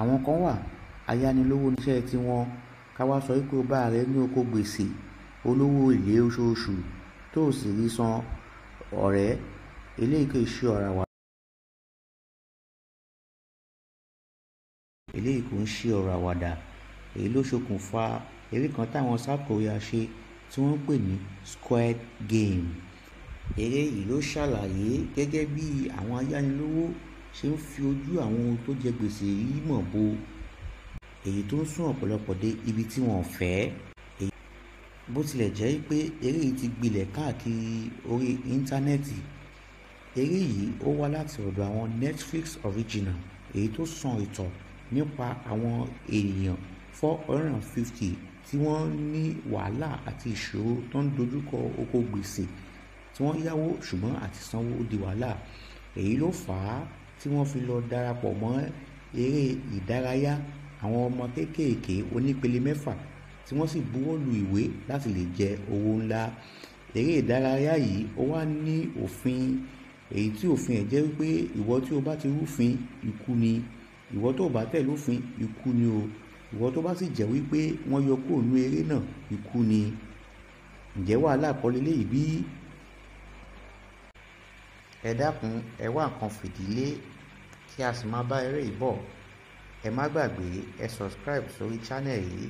àwọn kan wà ayánilówó níṣẹ́ tí wọ́n sọ pé bá rẹ ní oko gbèsè olówó èlé oṣooṣù tó sì rí san ọ̀rẹ́ eléyìí kò ṣe ọ̀rọ̀ àwàdà. ń ṣe ọ̀rọ̀ àwàdà èyí ló ṣokùnfà eré kan táwọn South Korea tí wọ́n ń pè ní Squid Game eré yìí ló ṣàlàyé gẹ́gẹ́ bí àwọn ayánilówó ṣe ń fi ojú àwọn tó jẹ gbèsè yìí mọ̀ bo èyí tó ń sún ọ̀pọ̀lọpọ̀ dé ibi tí wọ́n fẹ́ bó tilẹ̀ jẹ́ pé eré yìí ti gbilẹ̀ káàkiri orí íńtánẹ́ẹ̀tì eré yìí ó wá láti ọ̀dọ̀ àwọn Netflix original èyí tó sàn ìtọ̀ nípa àwọn èèyàn four hundred and fifty tí wọ́n ní wàhálà àti ìṣòro tó ń dojúkọ oko gbèsè tí wọ́n yáwó ṣùgbọ́n àti sanwó di wàhálà èyí ló fà á tí wọ́n fi lọ darapọ̀ mọ́ eré ìdárayá àwọn ọmọ kéékèèké onípele mẹ́fà tí wọ́n sì buwọ́lu ìwé láti lè jẹ owó ńlá eré ìdárayá yìí ó wá ní òfin èyí tí òfin ẹ̀ jẹ́ wípé ìwọ tí o bá ti rúfin ikú ni ìwọ tó bá tẹ̀lé òfin ikú ni o ìwọ tó bá sì jẹ́ wípé wọ́n yọ kúrò nú eré náà ikú ni ǹjẹ́ wàhálà kọ́ lélẹ́yìí bí ẹ dákun ẹ wá nǹkan fìdílé kí a sì máa bá eré yìí bọ̀ ẹ má gbàgbé ẹ subscribe sórí channel yìí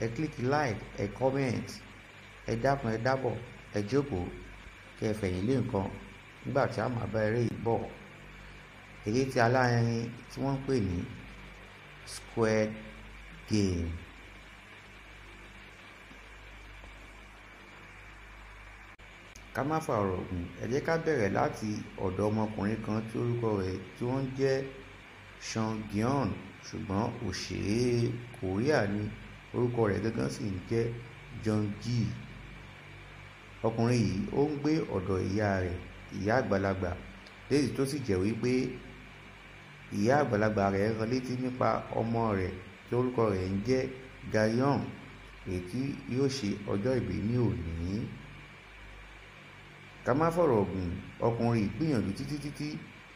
ẹ click like ẹ comment ẹ dákun ẹ dábọ̀ ẹ jókòó kẹ fẹ̀yìn lé nǹkan nígbà tí a máa bá eré yìí bọ̀ èyí tí alárin tí wọ́n ń pè ní square game. ká má fàrọ̀ gùn ẹ jẹ́ ká bẹ̀rẹ̀ láti ọ̀dọ̀ ọmọkùnrin kan tí orúkọ rẹ̀ tí ó ń jẹ́ sean gion ṣùgbọ́n òṣèré korea ni orúkọ rẹ̀ gangan sì ń jẹ́ john g ọkùnrin yìí ó ń gbé ọ̀dọ̀ ìyá rẹ̀ ìyá àgbàlagbà léyìí tó sì jẹ́ wípé ìyá àgbàlagbà rẹ̀ rán létí nípa ọmọ rẹ̀ tí orúkọ rẹ̀ ń jẹ́ gayon èyí tí yóò ṣe ọjọ́ ìbí ní òní ká má fọ̀rọ̀ gùn ọkùnrin yìí gbìyànjú títí títí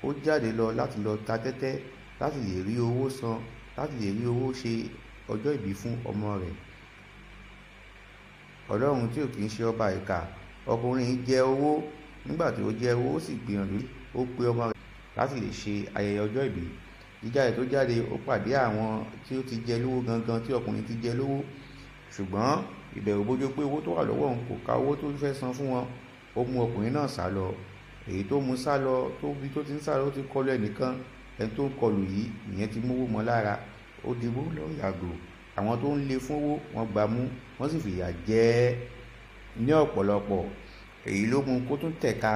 ó jáde lọ láti lọ ta tẹ́tẹ́ láti lè rí owó san láti lè rí owó ṣe ọjọ́ ìbí fún ọmọ rẹ̀ ọlọ́run tí ò kì í ṣe ọba ìka ọkùnrin yìí jẹ owó nígbà tí ó jẹ owó ó sì gbìyànjú ó pe ọmọ rẹ̀ láti lè ṣe ayẹyẹ ọjọ́ ìbí jíjáde tó jáde ó pàdé àwọn tí ó ti jẹ lówó gangan tí ọkùnrin ti jẹ lówó ṣùgbọ́n ìbẹ̀rù bójú pé owó tó wà lọ́wọ́ òun kò ká owó tó fẹ́ san fún wọn ó mú ọkùnrin náà sá lọ èyí tó mú sá lọ tó bí tó ti ń sá lọ ti kọlu ẹnìkan ẹni tó ń kọlù yìí ìyẹn ti mówó mọ́ lára ó dìbò lọ àwọn tó ń le fówó wọ́n gbà mú wọ́n sì fìyà jẹ ẹ́ ní ọ̀pọ̀lọpọ̀ èyí ló mú kó tún tẹ̀ka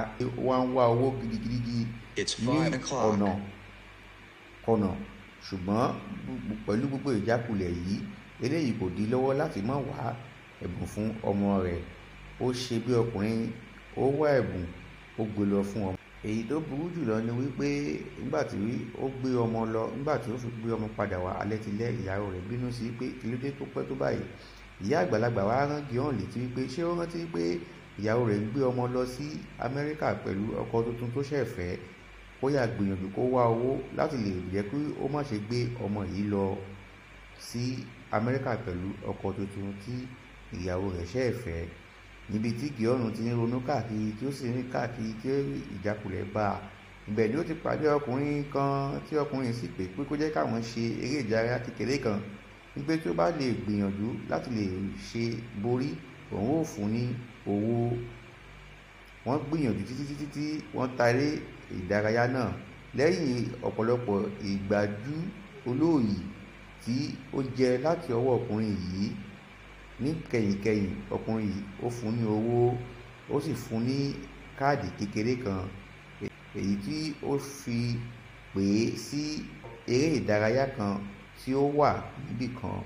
wá ń wá owó gidigidi ní ọ̀nà kọ̀nà ṣùgbọ́n pẹ̀lú gbogbo ìjákulẹ̀ yìí eléyìí kò dí lọ́wọ́ láti má wá ẹ̀bùn fún ọmọ rẹ̀ ó ṣe bí ọkùnrin ó wá ẹ̀bùn ó gbé lọ fún ọmọ èyí tó burú jùlọ ni wípé nígbà tí ó gbé ọmọ lọ nígbà tí ó fi gbé ọmọ padà wá alẹ́ ti lẹ́ ìyàwó rẹ̀ bínú sí pé kílódé tó pẹ́ tó báyìí ìyá àgbàlagbà wa rán gíọ́n létí wípé ṣé ó rántí pé ìyàwó rẹ̀ ń gbé ọmọ lọ sí Amẹ́ríkà pẹ̀lú ọkọ tuntun tó ṣẹ̀ fẹ́ ó yà gbìyànjú kó wá owó láti lè jẹ́ kí ó má ṣe gbé ọmọ yìí lọ sí Amẹ́ríkà pẹ̀lú ọkọ tuntun tí ìyàwó rẹ̀ ṣẹ̀ fẹ́ níbi tí gíọ́rùn ti ń ronú káàkiri tí ó sì rìn káàkiri tí ìjákulẹ̀ bá a ìbẹ̀ ni ó ti pàdé ọkùnrin kan tí ọkùnrin sì pè pé kó jẹ́ káwọn ṣe eré ìdárayá kékeré kan wípé tí ó bá lè gbìyànjú láti lè ṣe borí òun ò fún ní owó wọ́n gbìyànjú títí títí tí wọ́n taré ìdárayá náà lẹ́yìn ọ̀pọ̀lọpọ̀ ìgbájú olóòyì tí ó jẹ láti ọwọ́ ọkùnrin yìí níkẹyìnkẹyìn ọkùnrin yìí ó fún ní owó ó sì fún ní káàdì kékeré kan èyí tí ó fi pè é sí eré ìdárayá kan tí ó wà níbì kan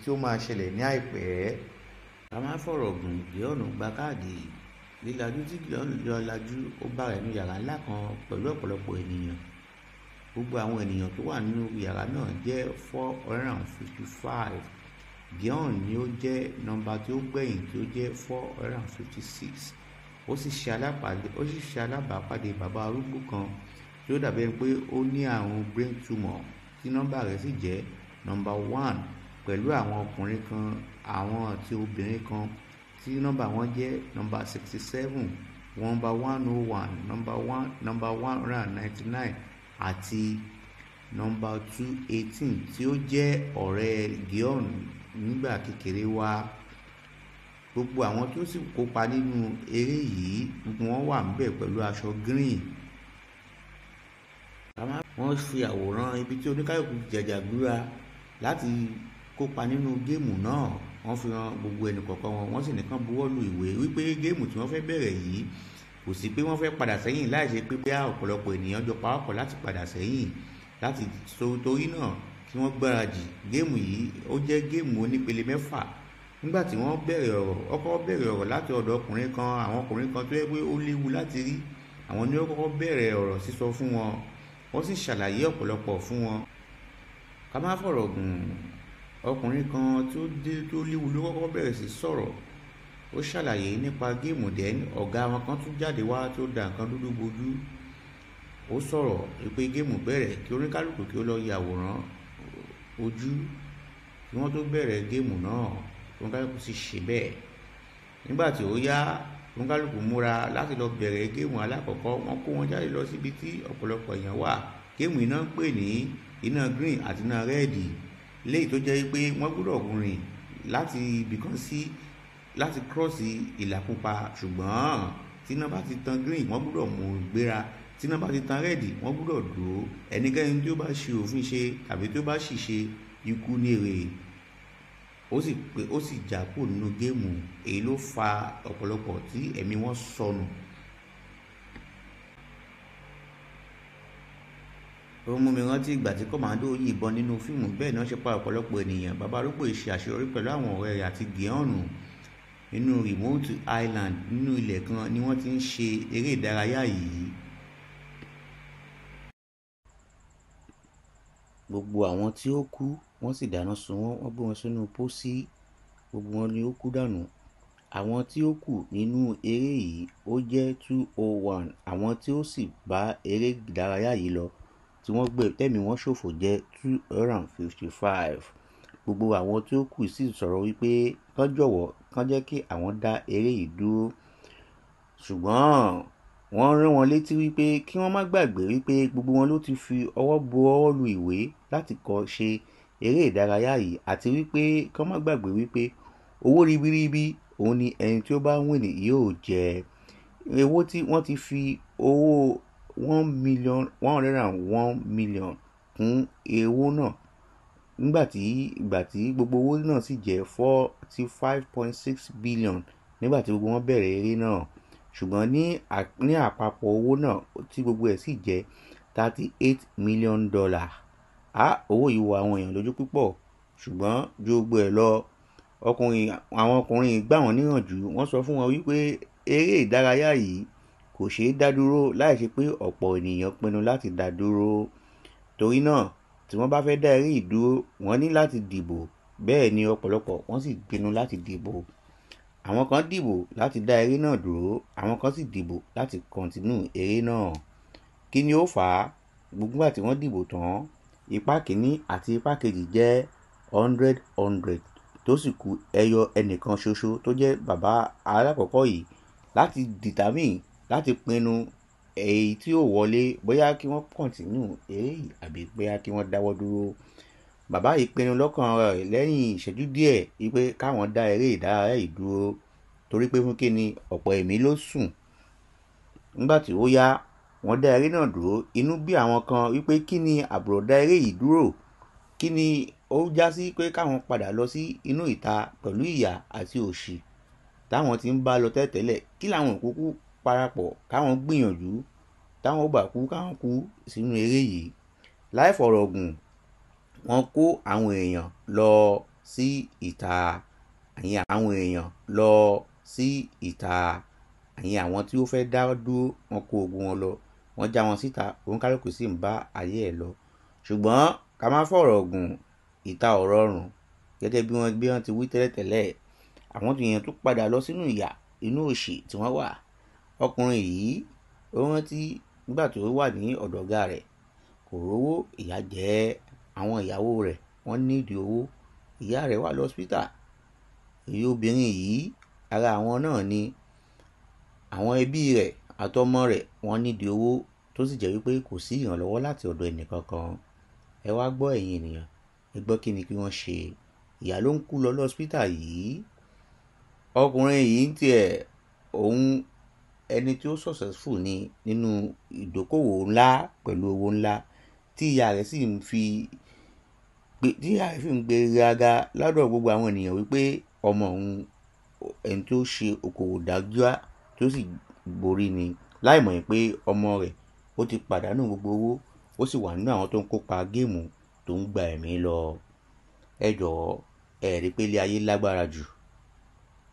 tí ó máa ṣẹlẹ̀ ní àìpẹ́. a máa fọ̀rọ̀ gùn gíọ́nù gba káàdì yìí lílajú tí gíọ́nù lọ lajú ó bá rẹ̀ nínú yàrá ńlá kan pẹ̀lú ọ̀pọ̀lọpọ̀ ènìyàn gbogbo àwọn ènìyàn tó wà nínú yàrá náà jẹ́ four hundred and fifty five Gion ni ó jẹ́ nọ́mbà tí ó gbẹ̀yìn tí ó jẹ́ four hundred and fifty six ó sì ṣe alábàápàdé bàbá arúgbó kan tí ó dàbí ẹni pé ó ní àrùn brain tumor tí nọ́mbà rẹ̀ sì jẹ́ nọ́mbà one pẹ̀lú àwọn ọkùnrin kan àwọn àti obìnrin kan tí nọ́mbà wọn jẹ́ nọ́mbà sixty seven nọ́mbà one oh one nọ́mbà one nọ́mbà one hundred and ninety nine àti nọ́mbà two eighteen tí ó jẹ́ ọ̀rẹ́ Gion nígbà kékeré wa gbogbo àwọn tó sì kópa nínú eré yìí gbogbo wọn wà níbẹ̀ pẹ̀lú aṣọ green wọ́n fi àwòrán ibi tí oníkàyọ̀kù jàjàgbúra láti kópa nínú géèmù náà wọ́n fi hàn gbogbo ẹnì kọ̀ọ̀kan wọn wọ́n sì nìkan buwọ́lu ìwé wípé géèmù tí wọ́n fẹ́ bẹ̀rẹ̀ yìí kò sí pé wọ́n fẹ́ padà sẹ́yìn láì ṣe pé bí ọ̀pọ̀lọpọ̀ ènìyàn jọ pawọ́pọ̀ láti padà sẹ́yìn láti torí náà kí wọ́n gbáradì géèmù yìí ó jẹ́ géèmù onípele mẹ́fà nígbà tí wọ́n bẹ̀rẹ̀ ọ̀rọ̀ ọkọ̀ bẹ̀rẹ̀ ọ̀rọ̀ láti ọ̀dọ̀ ọkùnrin kan àwọn ọkùnrin kan tó yẹ pé ó léwu láti rí àwọn ni ó kọ́kọ́ bẹ̀rẹ̀ ọ̀rọ̀ sísọ fún wọn wọ́n sì ṣàlàyé ọ̀pọ̀lọpọ̀ fún wọn. ká má fọ̀rọ̀ gùn ọkùnrin kan tó dé tó léwu ló kọ́kọ́ bẹ̀rẹ̀ sí sọ̀rọ̀ ó ṣàlàyé nípa géèmù dẹ́n ọ̀gá wọn kan tún jáde wá tó da nǹkan dúdú bojú ó sọ̀rọ̀ pé géèmù bẹ̀rẹ̀ kí oníkálukú kí ó lọ yàwòrán ojú kí wọ́n tó bẹ̀rẹ̀ géèmù náà oníkálukú sì ṣe bẹ́ẹ̀ nígbà tí ó yá oníkálukú múra láti lọ bẹ̀rẹ̀ géèmù alákọ̀ọ́kọ́ wọ́n kó wọn jáde lọ síbi tí ọ̀pọ̀lọpọ̀ èèyàn wà géèmù iná ń pè ní iná green àti iná rẹ́ẹ̀dì léyìí tó jẹ́ pé wọ́n gbúdọ̀ rìn láti ibìkan sí láti kírọ́ọ̀sì ìlà pupa ṣùgbọ́n tí iná bá ti tan green wọ́n gbúdọ̀ mú un gbéra tí iná bá ti tan rẹ́ẹ̀dì wọ́n gbúdọ̀ dò ó ẹnikẹ́ni tí ó bá ṣe òfin ṣe tàbí tí ó bá ṣìṣe ikú ní èrè ó sì pé ó sì jà kó nínú géèmù èyí ló fa ọ̀pọ̀lọpọ̀ tí ẹ̀mí wọn sọnù. ó mú mi rántí ìgbà tí kọ́mándó yìnbọn nínú fíìmù bẹ́ẹ̀ náà ṣe pa ọ̀pọ̀lọpọ̀ ènìyàn bàbá arúgbó ìṣe àṣeyọrí pẹ̀lú àwọn ọ̀rẹ́ rẹ̀ àti gíọ́nù nínú remote island nínú ilẹ̀ kan ni wọ́n ti ń ṣe eré ìdárayá yìí gbogbo àwọn tí ó kú wọ́n sì dáná sun wọ́n wọ́n gbé wọn sínú pósí gbogbo wọn ni ó kú dànù àwọn tí ó kù nínú eré yìí ó jẹ́ two oh one àwọn tí ó sì bá eré ìdárayá yìí lọ tí wọ́n gbé tẹ́mi wọn ṣòfò jẹ́ two hundred and fifty five gbogbo àwọn tí ó kù sì sọ̀rọ̀ wípé kán jọ̀wọ́ kán jẹ́ kí àwọn dá eré yìí dúró ṣùgbọ́n wọ́n rán wọn létí wípé kí wọ́n má gbàgbé wípé gbogbo wọn ló ti fi ọwọ́ bo ọwọ́ lu ìwé láti kọ́ ṣe eré ìdárayá yìí àti wípé kán má gbàgbé wípé owó ribiribi òun ni ẹni tí ó bá wìn yóò jẹ. Owó tí wọ́n ti fi owó one million one hundred and one million kún owó náà nígbàtí ìgbàtí gbogbo owó náà sì jẹ́ forty five point six billion nígbàtí gbogbo wọn bẹ̀rẹ̀ eré náà ṣùgbọ́n ní ní àpapọ̀ owó náà tí gbogbo ẹ̀ sì jẹ́ thirty eight million dollars á owó yìí wọ àwọn èèyàn lójú púpọ̀ ṣùgbọ́n ju gbogbo ẹ̀ lọ ọkùnrin àwọn ọkùnrin gbà wọ́n níyànjú wọ́n sọ fún wọn wípé eré ìdárayá yìí kò ṣeé dá dúró láì ṣe pé ọ̀pọ̀ ènìyàn pinnu láti dá dúró torí náà tí wọ́n bá fẹ́ dá eré ìdúró wọ́n ní láti dìbò bẹ́ẹ̀ ni ọ̀pọ̀lọpọ̀ wọ́n sì pinnu láti dìbò àwọn kan dìbò láti dá eré náà dúró àwọn kan sì dìbò láti kọ̀ǹtínú eré náà kí ni ó fà á gbogbo àti wọ́n dìbò tán Ipá kìíní àti ipá kejì jẹ́ hundred. 100 tí ó sì ku ẹyọ ẹnìkan ṣoṣo tó jẹ́ bàbá alákọ̀ọ́kọ́ yìí láti dìtámì láti pinnu èyí tí ó wọlé bóyá kí wọ́n kọ́tìnnù eré yìí àbí bóyá kí wọ́n dáwọ́ dúró. Bàbá yìí pinnu lọ́kàn rẹ̀ lẹ́yìn ìṣẹ́jú díẹ̀ wípé káwọn dá eré ìdárayá yìí dúró torí pé fún kíni ọ̀pọ̀ ẹ̀mí ló sùn. Nígbà tí ó yá wọ́n dá eré náà dúró inú bí àwọn kan wípé kí ni àbùrọ̀dá eré yìí dúró kí ni ó já sí pé káwọn padà lọ sí inú ìta pẹ̀lú ìyà àti òṣì táwọn ti ń bá lọ tẹ́tẹ́lẹ̀ kí làwọn òkúkú parapọ̀ káwọn gbìyànjú táwọn ó bà kú káwọn kú sínú eré yìí láì fọ̀rọ̀ gùn wọ́n kó àwọn èèyàn lọ sí ìta àyìn àwọn èèyàn lọ sí ìta àyìn àwọn tí ó fẹ́ dá dúró wọ́n kó ogun wọn lọ wọ́n já wọn síta òǹkálùkù sì ń bá ayé ẹ̀ lọ ṣùgbọ́n ká má fọ̀rọ̀ ọ̀gùn ìta ọ̀rọ̀ ọ̀run gẹ́gẹ́ bí wọ́n bí wọ́n ti wí tẹ́lẹ̀tẹ́lẹ̀ àwọn èèyàn tún padà lọ sínú ìyà inú òṣì tí wọ́n wà ọkùnrin yìí ó rántí nígbà tó wà ní ọ̀dọ̀ ọ̀gá rẹ̀ kò rówó ìyà jẹ àwọn ìyàwó rẹ̀ wọ́n nídìí owó ìyá rẹ̀ wà lọ́sítà èyí obìnrin yìí ara àwọn náà ni àwọn ẹbí rẹ̀ àtọmọ rẹ̀ wọ́n nídìí owó tó sì jẹ́ wípé kò sí ìrànlọ́wọ́ láti ọ̀dọ̀ ẹnìkankan ẹ wá gbọ́ ẹ̀yin ènìyàn ẹ gbọ́ kí ni kí wọ́n ṣe ìyá ló ń kú lọ lọ́sítà yìí ọkùnrin yìí ń tiẹ̀ òun ẹni tí ó successful ni nínú ìdókòwò ńlá pẹ̀lú owó ńlá tí ìyá rẹ̀ sì ń fi tí ìyá rẹ̀ sì ń gbé raga lọ́dọ̀ gbogbo àwọn ènìyàn wípé ọmọ òun ẹni tó ṣe okòwò dájúá tó sì borí ni láìmọ̀ yìí pé ọmọ rẹ̀ ó ti pàdánù gbogbo owó ó sì wà nínú àwọn tó ń kópa géèmù tó ń gba ẹ̀mí lọ. ẹ jọ̀ọ́ ẹ rí pé ilé ayé lágbára jù.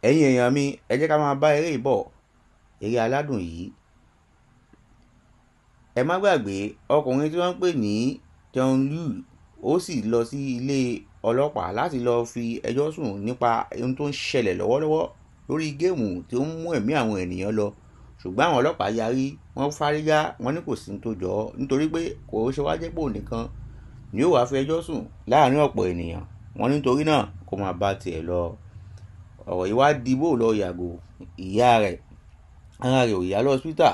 ẹ̀yin èèyàn mi ẹ jẹ́ ká máa bá eré ìbọ̀ eré aládùn yìí. ẹ má gbàgbé ọkùnrin tí wọ́n ń pè ní john liu ó sì lọ sí ilé ọlọ́pàá láti lọ́ọ́ fi ẹjọ́ sùn nípa ohun tó ń ṣẹlẹ̀ lọ́wọ́lọ́wọ́ lórí géèmù tí ó ń mú ẹ̀mí àwọn ènìyàn lọ ṣùgbọ́n àwọn ọlọ́pàá yarí wọ́n fárígá wọ́n ní kò sí ní tó jọ ọ́ nítorí pé kò ṣe wá jẹ́ nìkan ni ó wàá fi ẹjọ́ sùn láàrin ọ̀pọ̀ ènìyàn wọ́n nítorí náà kó máa bá tiẹ̀ lọ ọ̀rọ̀ yìí wá di bó lọ yàgò ìyá rẹ̀ ara rẹ̀ ò yá lọ síta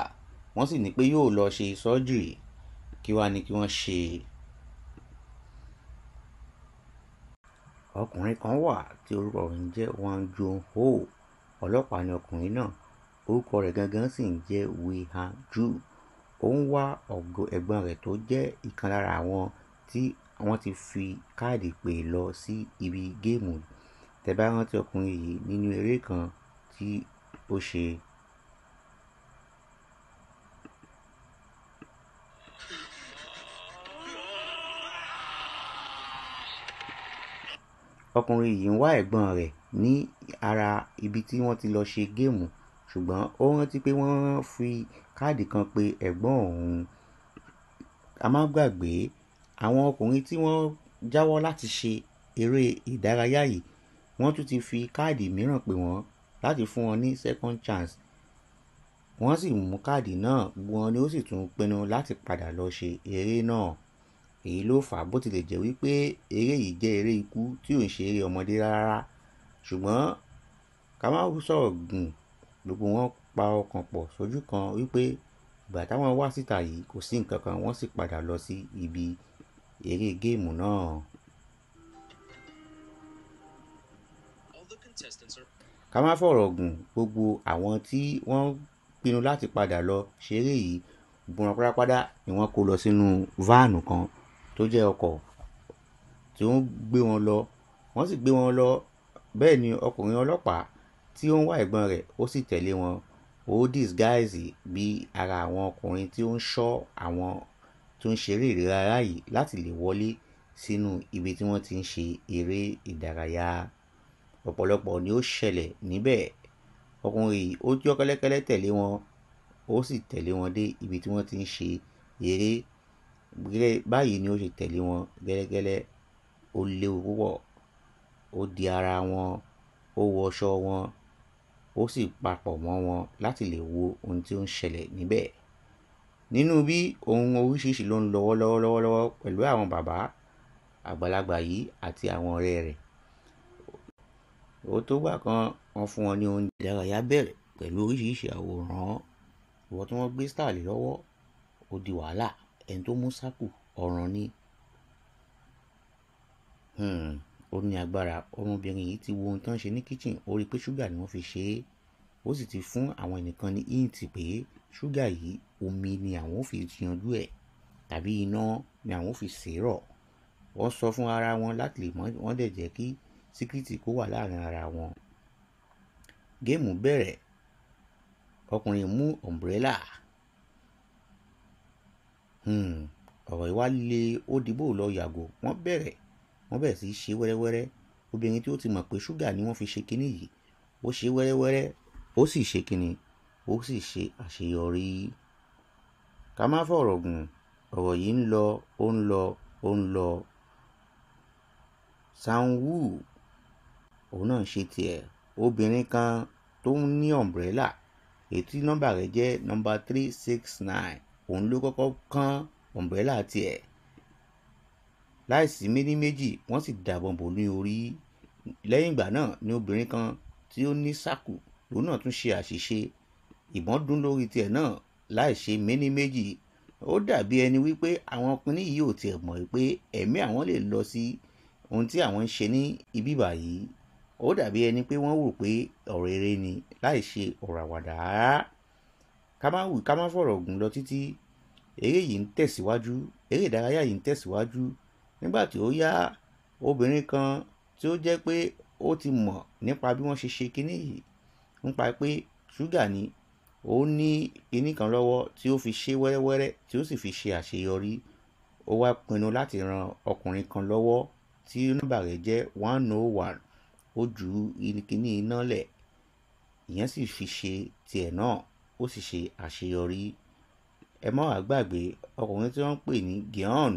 wọ́n sì ní pé yóò lọ ṣe sọ́jírì kí wàá ní kí wọ́n ṣe. ọkùnrin kan wà tí orúkọ rẹ̀ ń jẹ́ Wang Jun Ho ọlọ́pàá ni ọkùnrin náà orúkọ rẹ̀ gangan sì ń jẹ́ Wei-ha-ju. Ó ń wá ọ̀gọ ẹ̀gbọ́n rẹ̀ tó jẹ́ ìkan lára àwọn tí wọ́n ti fi káàdì pè lọ sí ibi géèmù. Tẹ bá rántí ọkùnrin yìí nínú eré kan tí ó ṣe. Ọkùnrin yìí ń wá ẹ̀gbọ́n rẹ̀ ní ara ibi tí wọ́n ti lọ ṣe géèmù ṣùgbọ́n ó rántí pé wọ́n fi káàdì kan pe ẹ̀gbọ́n òun. A má gbàgbé àwọn ọkùnrin tí wọ́n jáwọ́ láti ṣe eré ìdárayá yìí wọ́n tún ti fi káàdì mìíràn pè wọ́n láti fún wọn ní second chance. Wọ́n sì mú káàdì náà gbogbo wọn ni ó sì tún pinnu láti padà lọ ṣe eré náà. Èyí ló fà á bó tilẹ̀ jẹ́ wípé eré yìí jẹ́ eré ikú tí ò ń ṣe eré ọmọdé rárá. Ṣùgbọ́n ká sọ̀rọ̀ gùn gbogbo wọn pa ọkàn pọ̀ sójú kan wípé ìgbà táwọn wá síta yìí kò sí nǹkan kan wọ́n sì padà lọ sí ibi eré géèmù náà. ká má fọ̀rọ̀ gùn gbogbo àwọn tí wọ́n pinnu láti padà lọ ṣeré yìí gbogbo wọn pátápátá ni wọ́n kó lọ sínú váànù kan tó jẹ́ ọkọ̀ tí wọ́n gbé wọn lọ wọ́n sì gbé wọn lọ bẹ́ẹ̀ ni ọkùnrin ọlọ́pàá tí ó ń wá ẹ̀gbọ́n rẹ̀ ó sì tẹ̀lé wọn. Ó disguise bí ara àwọn ọkùnrin tí ó ń ṣọ́ àwọn tó ń ṣeré ìdárayá yìí láti lè wọlé sínú ibi tí wọ́n ti ń ṣe eré ìdárayá. Ọ̀pọ̀lọpọ̀ ni ó ṣẹlẹ̀ níbẹ̀. Ọkùnrin yìí ó yọ́ kẹ́lẹ́kẹ́lẹ́ tẹ̀lé wọn, ó sì tẹ̀lé wọn dé ibi tí wọ́n ti ń ṣe eré. Báyìí ni ó ṣe tẹ̀lé wọn gẹ́lẹ́gẹ́lẹ́. Ó léwu púpọ̀. Ó di ara wọn, ó wọ wọn, ó sì papọ̀ mọ́ wọn láti lè wo ohun tí ó ń ṣẹlẹ̀ níbẹ̀. Nínú bí ohun oríṣiríṣi ló ń lọ lọ́wọ́lọ́wọ́ pẹ̀lú àwọn bàbá àgbàlagbà yìí àti àwọn ọ̀rẹ́ rẹ̀. Ó tó gbà kan wọ́n fún wọn ní oúnjẹ. Ìdárayá bẹ̀rẹ̀ pẹ̀lú oríṣiríṣi àwòrán. Ìwọ tí wọ́n gbé star lọ́wọ́, ó di wàhálà. Ẹni tó mú sápò, ọ̀ràn ni. Hmm ó ní agbára ọmọbìnrin yìí ti wo ohun tí wọ́n ṣe ní kitchen ó rí i pé ṣúgà ni wọ́n fi ṣe é ó sì ti fún àwọn ẹnìkan ní íǹtì pé ṣúgà yìí omi ni àwọn ò fi yanjú ẹ̀ tàbí iná ni àwọn ò fi sèrọ̀ wọ́n sọ fún ara wọn láti lè mọ̀ wọ́n dẹ̀ jẹ́ kí síkírìtì kó wà láàrin ara wọn. géèmù bẹ̀rẹ̀ ọkùnrin mú ọ̀mbrẹ́là hmm, ọ̀rọ̀ ìwà líle ó dìbò lọ yàgò wọ́n bẹ̀rẹ̀ wọ́n bẹ̀rẹ̀ sí í ṣe wẹ́rẹ́wẹ́rẹ́ obìnrin tí ó ti mọ̀ pé ṣúgà ni wọ́n fi ṣe kinní yìí ó ṣe wẹ́rẹ́wẹ́rẹ́ ó sì ṣe kinní ó sì ṣe àṣeyọrí. ká má fọ̀rọ̀ gùn ọ̀rọ̀ yìí ń lọ ó ń lọ ó ń lọ. sanwó òun náà ṣe tiẹ̀ obìnrin kan tó ń ní ọ̀mbrẹ́là ètí nọ́mbà rẹ̀ jẹ́ nọ́mbà three six nine òun ló kọ́kọ́ kán ọ̀mbrẹ́là tiẹ̀ láìsí méní méjì wọ́n sì dàbọ̀n bò ní orí lẹ́yìn ìgbà náà ni obìnrin kan tí ó ní sákù lòun náà tún ṣe àṣìṣe ìbọn dún lórí tiẹ̀ náà láìṣe méní méjì ó dàbí ẹni wípé àwọn ọkùnrin yìí ò tiẹ̀ mọ̀ pé ẹ̀mí àwọn lè lọ sí ohun tí àwọn ń ṣe ní ibí báyìí ó dàbí ẹni pé wọ́n wò pé ọ̀rọ̀ eré ni láìṣe ọ̀rọ̀ àwàdà rárá ká má wù ká má fọ̀rọ̀ gùn lọ títí eré yìí ń tẹ̀síwájú eré ìdárayá yìí ń tẹ̀síwájú nígbà tí ó yá obìnrin kan tí ó jẹ́ pé ó ti mọ̀ nípa bí wọ́n ṣe ṣe kinní yìí nípa pé ṣúgà ni ó ní kinní kan lọ́wọ́ tí ó fi ṣe wẹ́rẹ́wẹ́rẹ́ tí ó sì fi ṣe àṣeyọrí ó wá pinnu láti ran ọkùnrin kan lọ́wọ́ tí nọ́mbà rẹ̀ jẹ́ one oh one ó ju kinní iná lẹ̀ ìyẹn sì fi ṣe tiẹ̀ náà ó sì ṣe àṣeyọrí ẹ mọ́ àgbàgbé ọkùnrin tí wọ́n ń pè ní Gion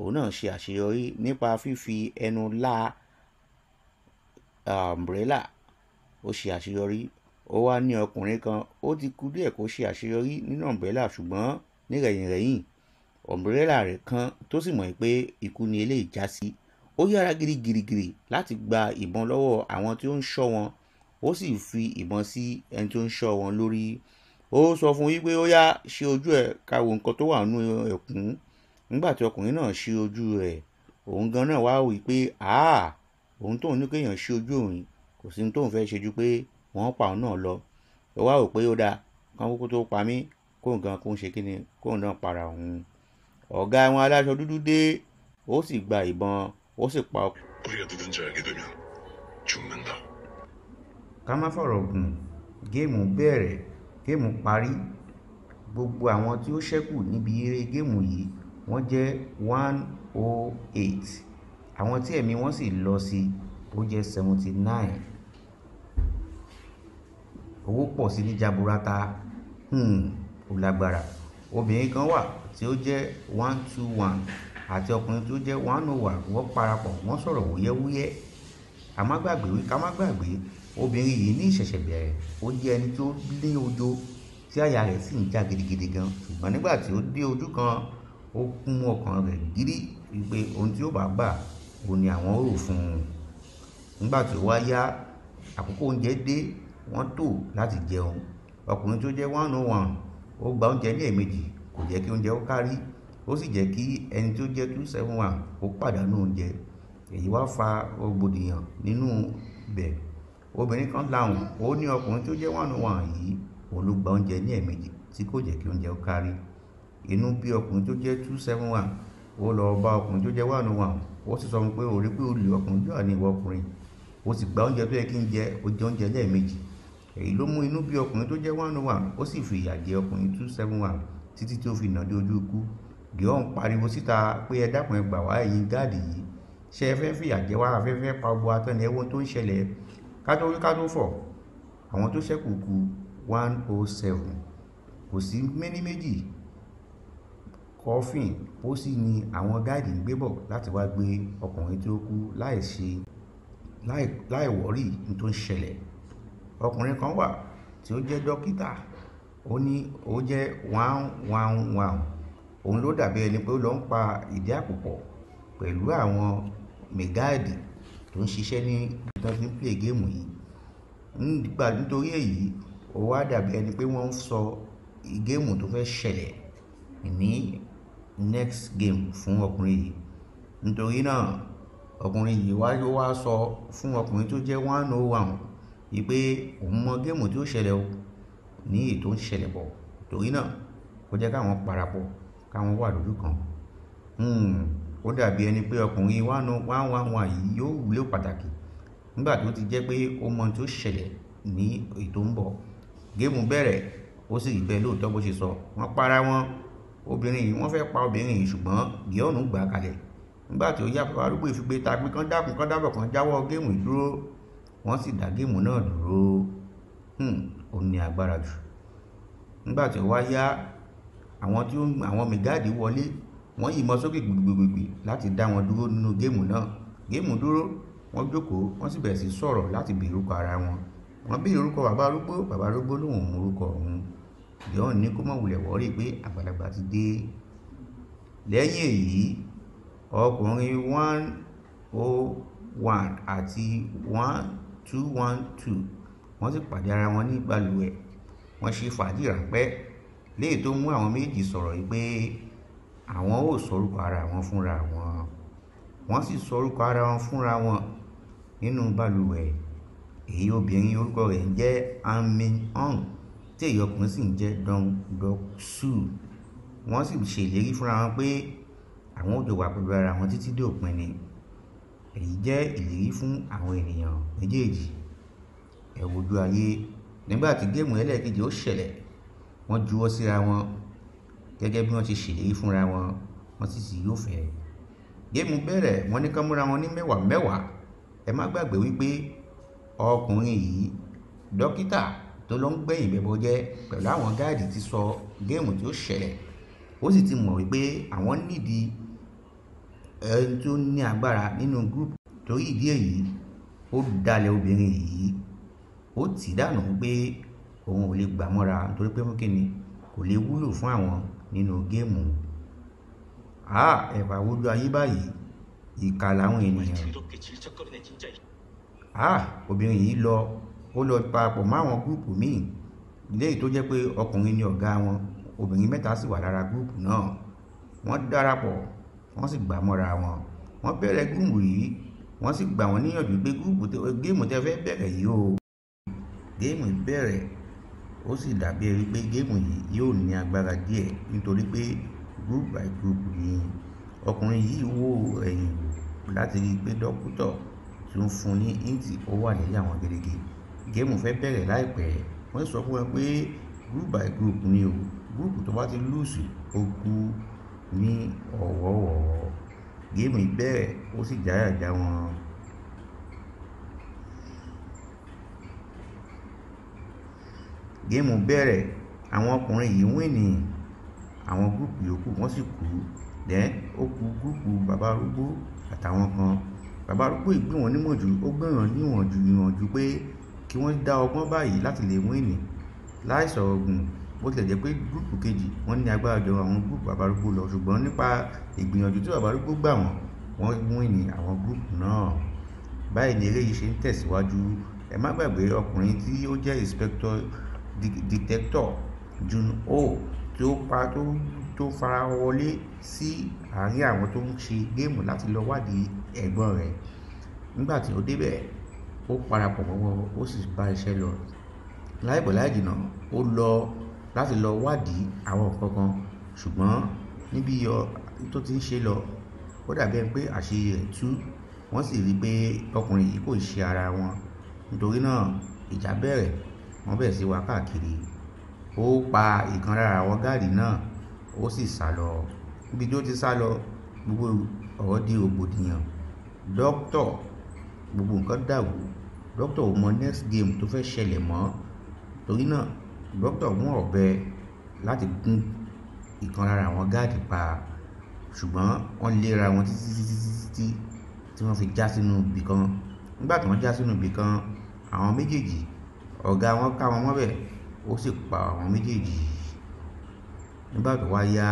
òun náà ṣe àṣeyọrí nípa fífi ẹnu lá ah, umbrella ó ṣe àṣeyọrí ó wá ní ọkùnrin kan ó ti kú díẹ̀ kó ṣe àṣeyọrí nínú umbrella ṣùgbọ́n nírẹ̀yìnrẹ̀yìn umbrella rẹ̀ kan tó sì mọ̀ pé ikú ni eléyìí já sí ó yára girigirigiri láti gba ìbọn lọ́wọ́ àwọn tí ó ń ṣọ́ wọn ó sì fi ìbọn sí ẹni tó ń ṣọ́ wọn lórí ó sọ fún wípé ó yá ṣe ojú ẹ̀ ká wo nǹkan tó wà nínú ẹ̀kún nígbà tí ọkùnrin náà ṣí ojú rẹ̀ òun gan náà wá wí pé àá òun tóun ní kéèyàn ṣí ojú òun kò sí tóun fẹ́ ṣe ju pé wọ́n pa òun náà lọ ó wá rò pé ó dáa kán kúkú tó pa mí kóun gan kó ń ṣe kíni kóun náà para òun ọ̀gá wọn aláṣọ dúdú dé ó sì gba ìbọn ó sì pa ọkùnrin. ká má fọ̀rọ̀ gùn géèmù bẹ̀rẹ̀ géèmù parí gbogbo àwọn tí ó ṣẹ́kù níbi eré géèmù yìí wọ́n jẹ́ one O oh eight àwọn tí ẹ̀mí wọ́n sì lọ sí ó jẹ́ seventy nine owó pọ̀ sí ní jaburata hmm, ó lágbára obìnrin kan wà tí ó jẹ́ one two one àti ọkùnrin tó jẹ́ one O oh one wọ́n parapọ̀ wọ́n sọ̀rọ̀ wúyẹ́wúyẹ́ a má gbàgbé ká má gbàgbé obìnrin yìí ní ìṣẹ̀ṣẹ̀ bẹ̀rẹ̀ ó jẹ́ ẹni tó lé ojo tí àyà rẹ̀ sì ń já gidigidi gan ṣùgbọ́n nígbà tí ó dé ojú kan ó kún ọkàn rẹ̀ gírí wípé ohun tí ó bá gbà òun ni àwọn rò fún un nígbà tí ó wá yá àkókò oúnjẹ dé wọ́n tò láti jẹun ọkùnrin tó jẹ́ one oh one ó gba oúnjẹ ní ẹ̀ẹ̀mejì kò jẹ́ kí oúnjẹ ó kárí ó sì jẹ́ kí ẹni tó jẹ́ two seven one ó pàdánù oúnjẹ èyí wá fa rògbòdìyàn nínú bẹ̀ obìnrin kan làwọn ó ní ọkùnrin tó jẹ́ one oh one yìí òun ló gba oúnjẹ ní ẹ̀ẹ̀mejì tí kò jẹ́ kí oúnjẹ ó kárí inú bí ọkùnrin tó jẹ́ two seven one ó lọ bá ọkùnrin tó jẹ́ one oh one ó sì sọ pé òun rí pé olè ọkùnrin tó wà ní ìwọ ọkùnrin ó sì gba oúnjẹ tó yẹ kí n jẹ ó jẹ oúnjẹ lẹ́ẹ̀mejì èyí ló mú inú bí ọkùnrin tó jẹ́ one oh one ó sì fi jẹ ọkùnrin two seven one títí tó fi nà ojú ikú gíọ́n pariwo síta pé ẹ dákun ẹ gbà wá ẹ̀yin gáàdì yìí ṣe ẹ fẹ́ fìyà jẹ wá afẹ́fẹ́ pa gbogbo atọ́ni ẹ̀wọ̀n tó ń ṣẹlẹ̀ kátó orí àwọn tó ṣẹ́kù ku one oh seven kò sí méní méjì coffin pósí ni àwọn gáàdì ń gbé láti wáá gbé ọkùnrin tó kù láì wárì ohun tó ń ṣẹlẹ̀ ọkùnrin kan wà tí ó jẹ́ dókítà ó ní ó jẹ́ one one one òun ló dàbí ẹni pé ó lọ ń pa ìdí àpòpọ̀ pẹ̀lú àwọn mẹgáàdì tó ń ṣiṣẹ́ ní ibi tó ń play géèmù yìí nítorí èyí ó wá dàbí ẹni pé wọ́n ń sọ géèmù tó fẹ́ ṣẹlẹ̀ ní next game fún ọkùnrin yìí nítorí náà ọkùnrin yìí wáyé wá sọ fún ọkùnrin tó jẹ́ one oh one wípé òun mọ géèmù tí ó ṣẹlẹ̀ o ní ètò ń ṣẹlẹ̀ bọ̀ torí náà kó jẹ́ káwọn parapọ̀ káwọn wà lójú kan hmm, ó dàbí ẹni pé ọkùnrin oh, one one one yìí yóò wúlò pàtàkì nígbà tó ti jẹ́ pé ó mọ tó ṣẹlẹ̀ ní ètò ń bọ̀ géèmù bẹ̀rẹ̀ ó sì rí lóòótọ́ bó ṣe sọ wọ́n para wọn obìnrin yìí wọ́n fẹ́ pa obìnrin yìí ṣùgbọ́n gíọ́nù gbà kalẹ̀ nígbà tí ó yá bàbá arúgbó ìfigbé e tagbe kan dákun kan dábọ̀ kan jáwọ́ géèmù dúró wọ́n sì dá géèmù náà dúró hmm, ó ní agbára jù nígbà tí ó wá yá àwọn tí àwọn mẹgáàdì wọlé wọ́n yìnbọn sókè gbùgbùgbùgbì láti dá wọn dúró nínú géèmù náà géèmù dúró wọ́n jókòó wọ́n sì bẹ̀rẹ̀ sí sọ̀rọ̀ láti bí orúkọ ara wọn wọ́n bí orúkọ bàbá arúgbó bàbá arúgbó lòun orúkọ òun John ní kó má wulẹ̀ wọ́rí pé àgbàlagbà ti dé lẹ́yìn èyí ọkùnrin 101 àti 212 wọ́n sì pàdé ara wọn ní balùwẹ̀ wọ́n ṣe fàájì ráńpẹ́ léyìí tó mú àwọn méjì sọ̀rọ̀ pé àwọn ò sọrúkọ ara wọn fúnra wọn wọ́n sì sọrúkọ ara wọn fúnra wọn nínú balùwẹ̀ èyí obìnrin orúkọ rẹ̀ ń jẹ́ Amin Hong tí èyí ọkùnrin sì ń jẹ́ Dong Doksu sì ṣe ìlérí fúnra wọn pé àwọn òjò wà pẹ̀lú ara wọn títí dé òpin ni èyí jẹ́ ìlérí fún àwọn ènìyàn méjèèjì ẹ wojú ayé nígbà tí géèmù ẹlẹ́ẹ̀kejì ó ṣẹlẹ̀ wọ́n juwọ́ síra wọn gẹ́gẹ́ bí wọ́n ti ṣèlérí fúnra wọn wọ́n sì sì yóò fẹ́ géèmù bẹ̀rẹ̀ wọ́n ní kán múra wọn ní mẹ́wàá mẹ́wàá ẹ má gbàgbé wípé ọkùnrin yìí dókítà tó ló ń gbẹ̀yìn bẹ́bọ jẹ́ pẹ̀lú àwọn gáàdì ti sọ géèmù tí ó ṣẹlẹ̀ ó sì ti mọ̀ wípé àwọn nídìí ẹni tó ní agbára nínú group torí ìdí èyí ó dalẹ̀ obìnrin yìí ó tì dànù pé òun ò lè gbà mọ́ra nítorí pé mọ́kìnni kò lè wúlò fún àwọn nínú géèmù a ẹ̀fà wojú ayé báyìí ìkà làwọn ènìyàn a obìnrin yìí lọ ó lọ papọ̀ mọ́ àwọn gúrùpù míì léyìí tó jẹ́ pé ọkùnrin ni ọ̀gá wọn obìnrin mẹ́ta sì wà lára gúrùpù náà wọ́n darapọ̀ wọ́n sì gbà mọ́ra wọn wọ́n bẹ̀rẹ̀ gúrùpù yìí wọ́n sì gbà wọ́n níyànjú pé géèmù tẹ́ fẹ́ bẹ̀rẹ̀ yìí o géèmù bẹ̀rẹ̀ ó sì dàbí ẹni pé géèmù yìí yóò ní agbára díẹ̀ nítorí pé group by group ni ọkùnrin yìí wò ẹ̀yìn láti rí i pé dókítà tó ń fún ní íǹtì ó wà lẹ́yìn àwọn gẹ́gẹ́ géèmù fẹ́ bẹ̀rẹ̀ láìpẹ́ wọ́n sọ fún wa pé group by group ni o group tó bá ti lùsì ogun ní ọ̀wọ́wọ́wọ́ géèmù ìbẹ̀rẹ̀ ó sì jáyà já wọn. géèmù bẹ̀rẹ̀ àwọn ọkùnrin yìí wìn ní àwọn gúrùpù yòókù wọ́n sì kú then ó kù gúrùpù bàbá arúgbó àtàwọn kan bàbá arúgbó ìgbìmọ̀ nímọ̀jú ó gbìyànjú níwọ̀njú níwọ̀njú pé tí wọ́n dá ọgbọ́n báyìí láti lè mú ìní láì sọ̀rọ̀ gùn bó tilẹ̀ jẹ́ pé gúrùpù kejì wọ́n ní agbára jọ àwọn gúrùpù àbárúgbó lọ ṣùgbọ́n nípa ìgbìyànjú tí àbárúgbó gbà wọ́n wọ́n mú ìní àwọn gúrùpù náà báyìí ni eléyìí ṣe ń tẹ̀síwájú ẹ má gbàgbé ọkùnrin tí ó jẹ́ inspector detector June O tí ó pa tó tó fara wọlé sí àárín àwọn tó ń ṣe géèmù láti lọ wádìí ẹ̀gbọ́n rẹ̀ nígbà tí ó débẹ̀ ó parapọ̀ mọ́ wọn ó sì bá iṣẹ́ lọ láìpẹ́ láì jìnnà ó lọ láti lọ wádìí àwọn nǹkan ṣùgbọ́n níbi tó ti ń ṣe lọ ó dàbí ẹni pé àṣeyẹ tú wọ́n sì rí i pé ọkùnrin yìí kò ṣe ara wọn nítorí náà ìjà bẹ̀rẹ̀ wọ́n bẹ̀rẹ̀ sí wá káàkiri ó pa ìkan lára àwọn gáàdì náà ó sì sá lọ níbi tí ti sá lọ gbogbo ọ̀rọ̀ di rògbòdìyàn dókítọ̀ gbogbo nǹkan dàrú dókítà ò mọ next game tó fẹ́ ṣẹlẹ̀ mọ́ torí náà dókítà mú ọ̀bẹ láti gún ìkan lára àwọn gáàdì pa ṣùgbọ́n wọ́n léra wọn títí títí títí tí wọ́n fi já sínú ibì kan nígbà tí wọ́n já sínú ibì kan àwọn méjèèjì ọ̀gá wọn ká wọn mọ́bẹ̀ ó sì pa àwọn méjèèjì nígbà tó wá yá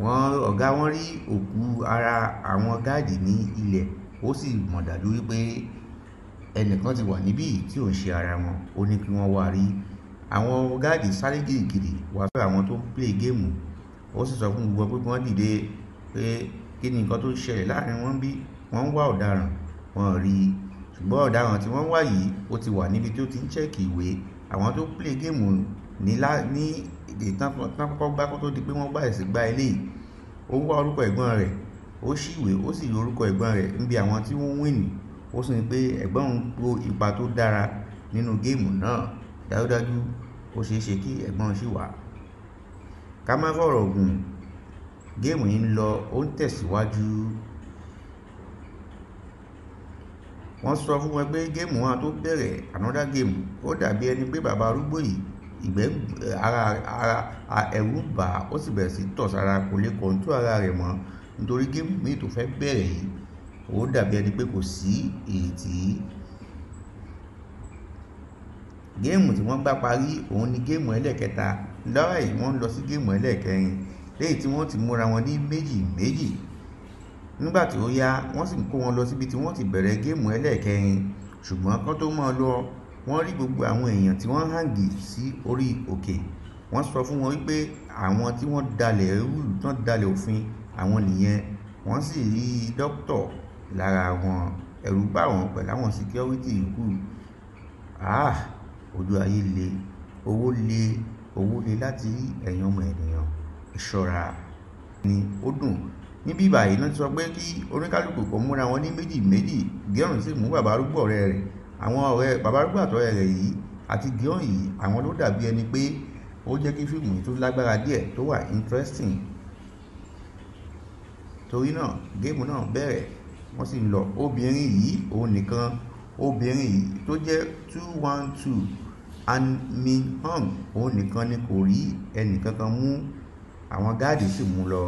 wọn ọ̀gá wọn rí òkú ara àwọn gáàdì ní ilẹ̀ ó sì mọ̀ dájú wípé ẹnìkan ti wà níbí tí ò ń ṣe ara wọn ó ní kí wọ́n wá rí àwọn gáàdì sáré gìrìgìrì wá sọ àwọn tó ń play géèmù ó sì sọ fún gbogbo pé wọ́n dìde pé kí ni nǹkan tó ń ṣẹlẹ̀ láàrin wọn bí wọ́n ń wá ọ̀daràn wọn rí i ṣùgbọ́n ọ̀daràn tí wọ́n wá yìí ó ti wà níbi tó ti ń ṣẹ́ẹ̀kì ìwé àwọn tó play géèmù ní ìtàn kọ́kọ́ gbá kó tó di pé wọ́n gbà ẹ̀sìn gbá eléyìí ó wá orúkọ ẹ̀gbọ́n rẹ̀ ó ṣìwé ó sì lórúkọ ẹ̀gbọ́n rẹ̀ níbi àwọn tí wọ́n wìnì ó sì ní pé ẹ̀gbọ́n òun kó ipa tó dára nínú géèmù náà dájúdájú ó ṣeé ṣe kí ẹ̀gbọ́n sì wà. ká má fọ̀rọ̀ gùn géèmù yìí ń lọ ó ń tẹ̀síwájú. wọ́n sọ fún wọn pé géèmù wọn tó bẹ̀rẹ̀ another game ó dàbí ẹni pé bàbá arúgbó yìí ìgbẹ́ ara ẹ̀rù bà ó sì bẹ̀rẹ̀ sí tọ̀ sára kò lè kọ̀ǹtú ara rẹ̀ mọ́ nítorí géèmù míì tó fẹ́ bẹ̀rẹ̀ yìí ó dàbí ẹni pé kò sí èyí tí géèmù tí wọ́n bá parí òun ni géèmù ẹlẹ́ẹ̀kẹta lọ́wọ́ yìí wọ́n ń lọ sí géèmù ẹlẹ́ẹ̀kẹrin léyìí tí wọ́n ti múra wọn ní méjì méjì nígbà tí ó yá wọ́n sì ń kó wọn lọ síbi tí wọ́n ti bẹ̀rẹ̀ géèmù ẹlẹ́ẹ̀kẹrin ṣùgbọ́n kán tó máa lọ wọ́n rí gbogbo àwọn èèyàn tí wọ́n hàngì sí orí òkè wọ́n sọ fún wọn wípé àwọn tí wọ́n dalẹ̀ rúùlù tán dalẹ̀ òfin àwọn nìyẹn wọ́n sì rí dókítọ̀ lára wọn ẹ̀rù bá wọn pẹ̀lú àwọn síkírọ́rìtì yòókù ah, ojú ayé le owó le owó le láti rí ẹ̀yin ọmọ ènìyàn ìṣọ́ra ni ó dùn níbí báyìí ló ti sọ pé kí oníkálukú kò múra wọn ní méjì méjì gẹ́rùn sì mú bàbá arúgbó ọ̀rẹ́ rẹ̀ àwọn ọ̀rẹ́ bàbá arúgbó àtọ̀rẹ́ rẹ̀ yìí àti gẹ́rùn yìí àwọn ló dàbí ẹni pé ó jẹ́ kí fíìmù yìí tó lágbára díẹ̀ tó wà interesting torí náà géèmù náà bẹ̀rẹ̀ wọ́n sì lọ obìnrin yìí òun nìkan obìnrin yìí tó jẹ́ two one two and min hong òun nìkan ni kò rí ẹnìkankan mú àwọn gáàdì sì mú lọ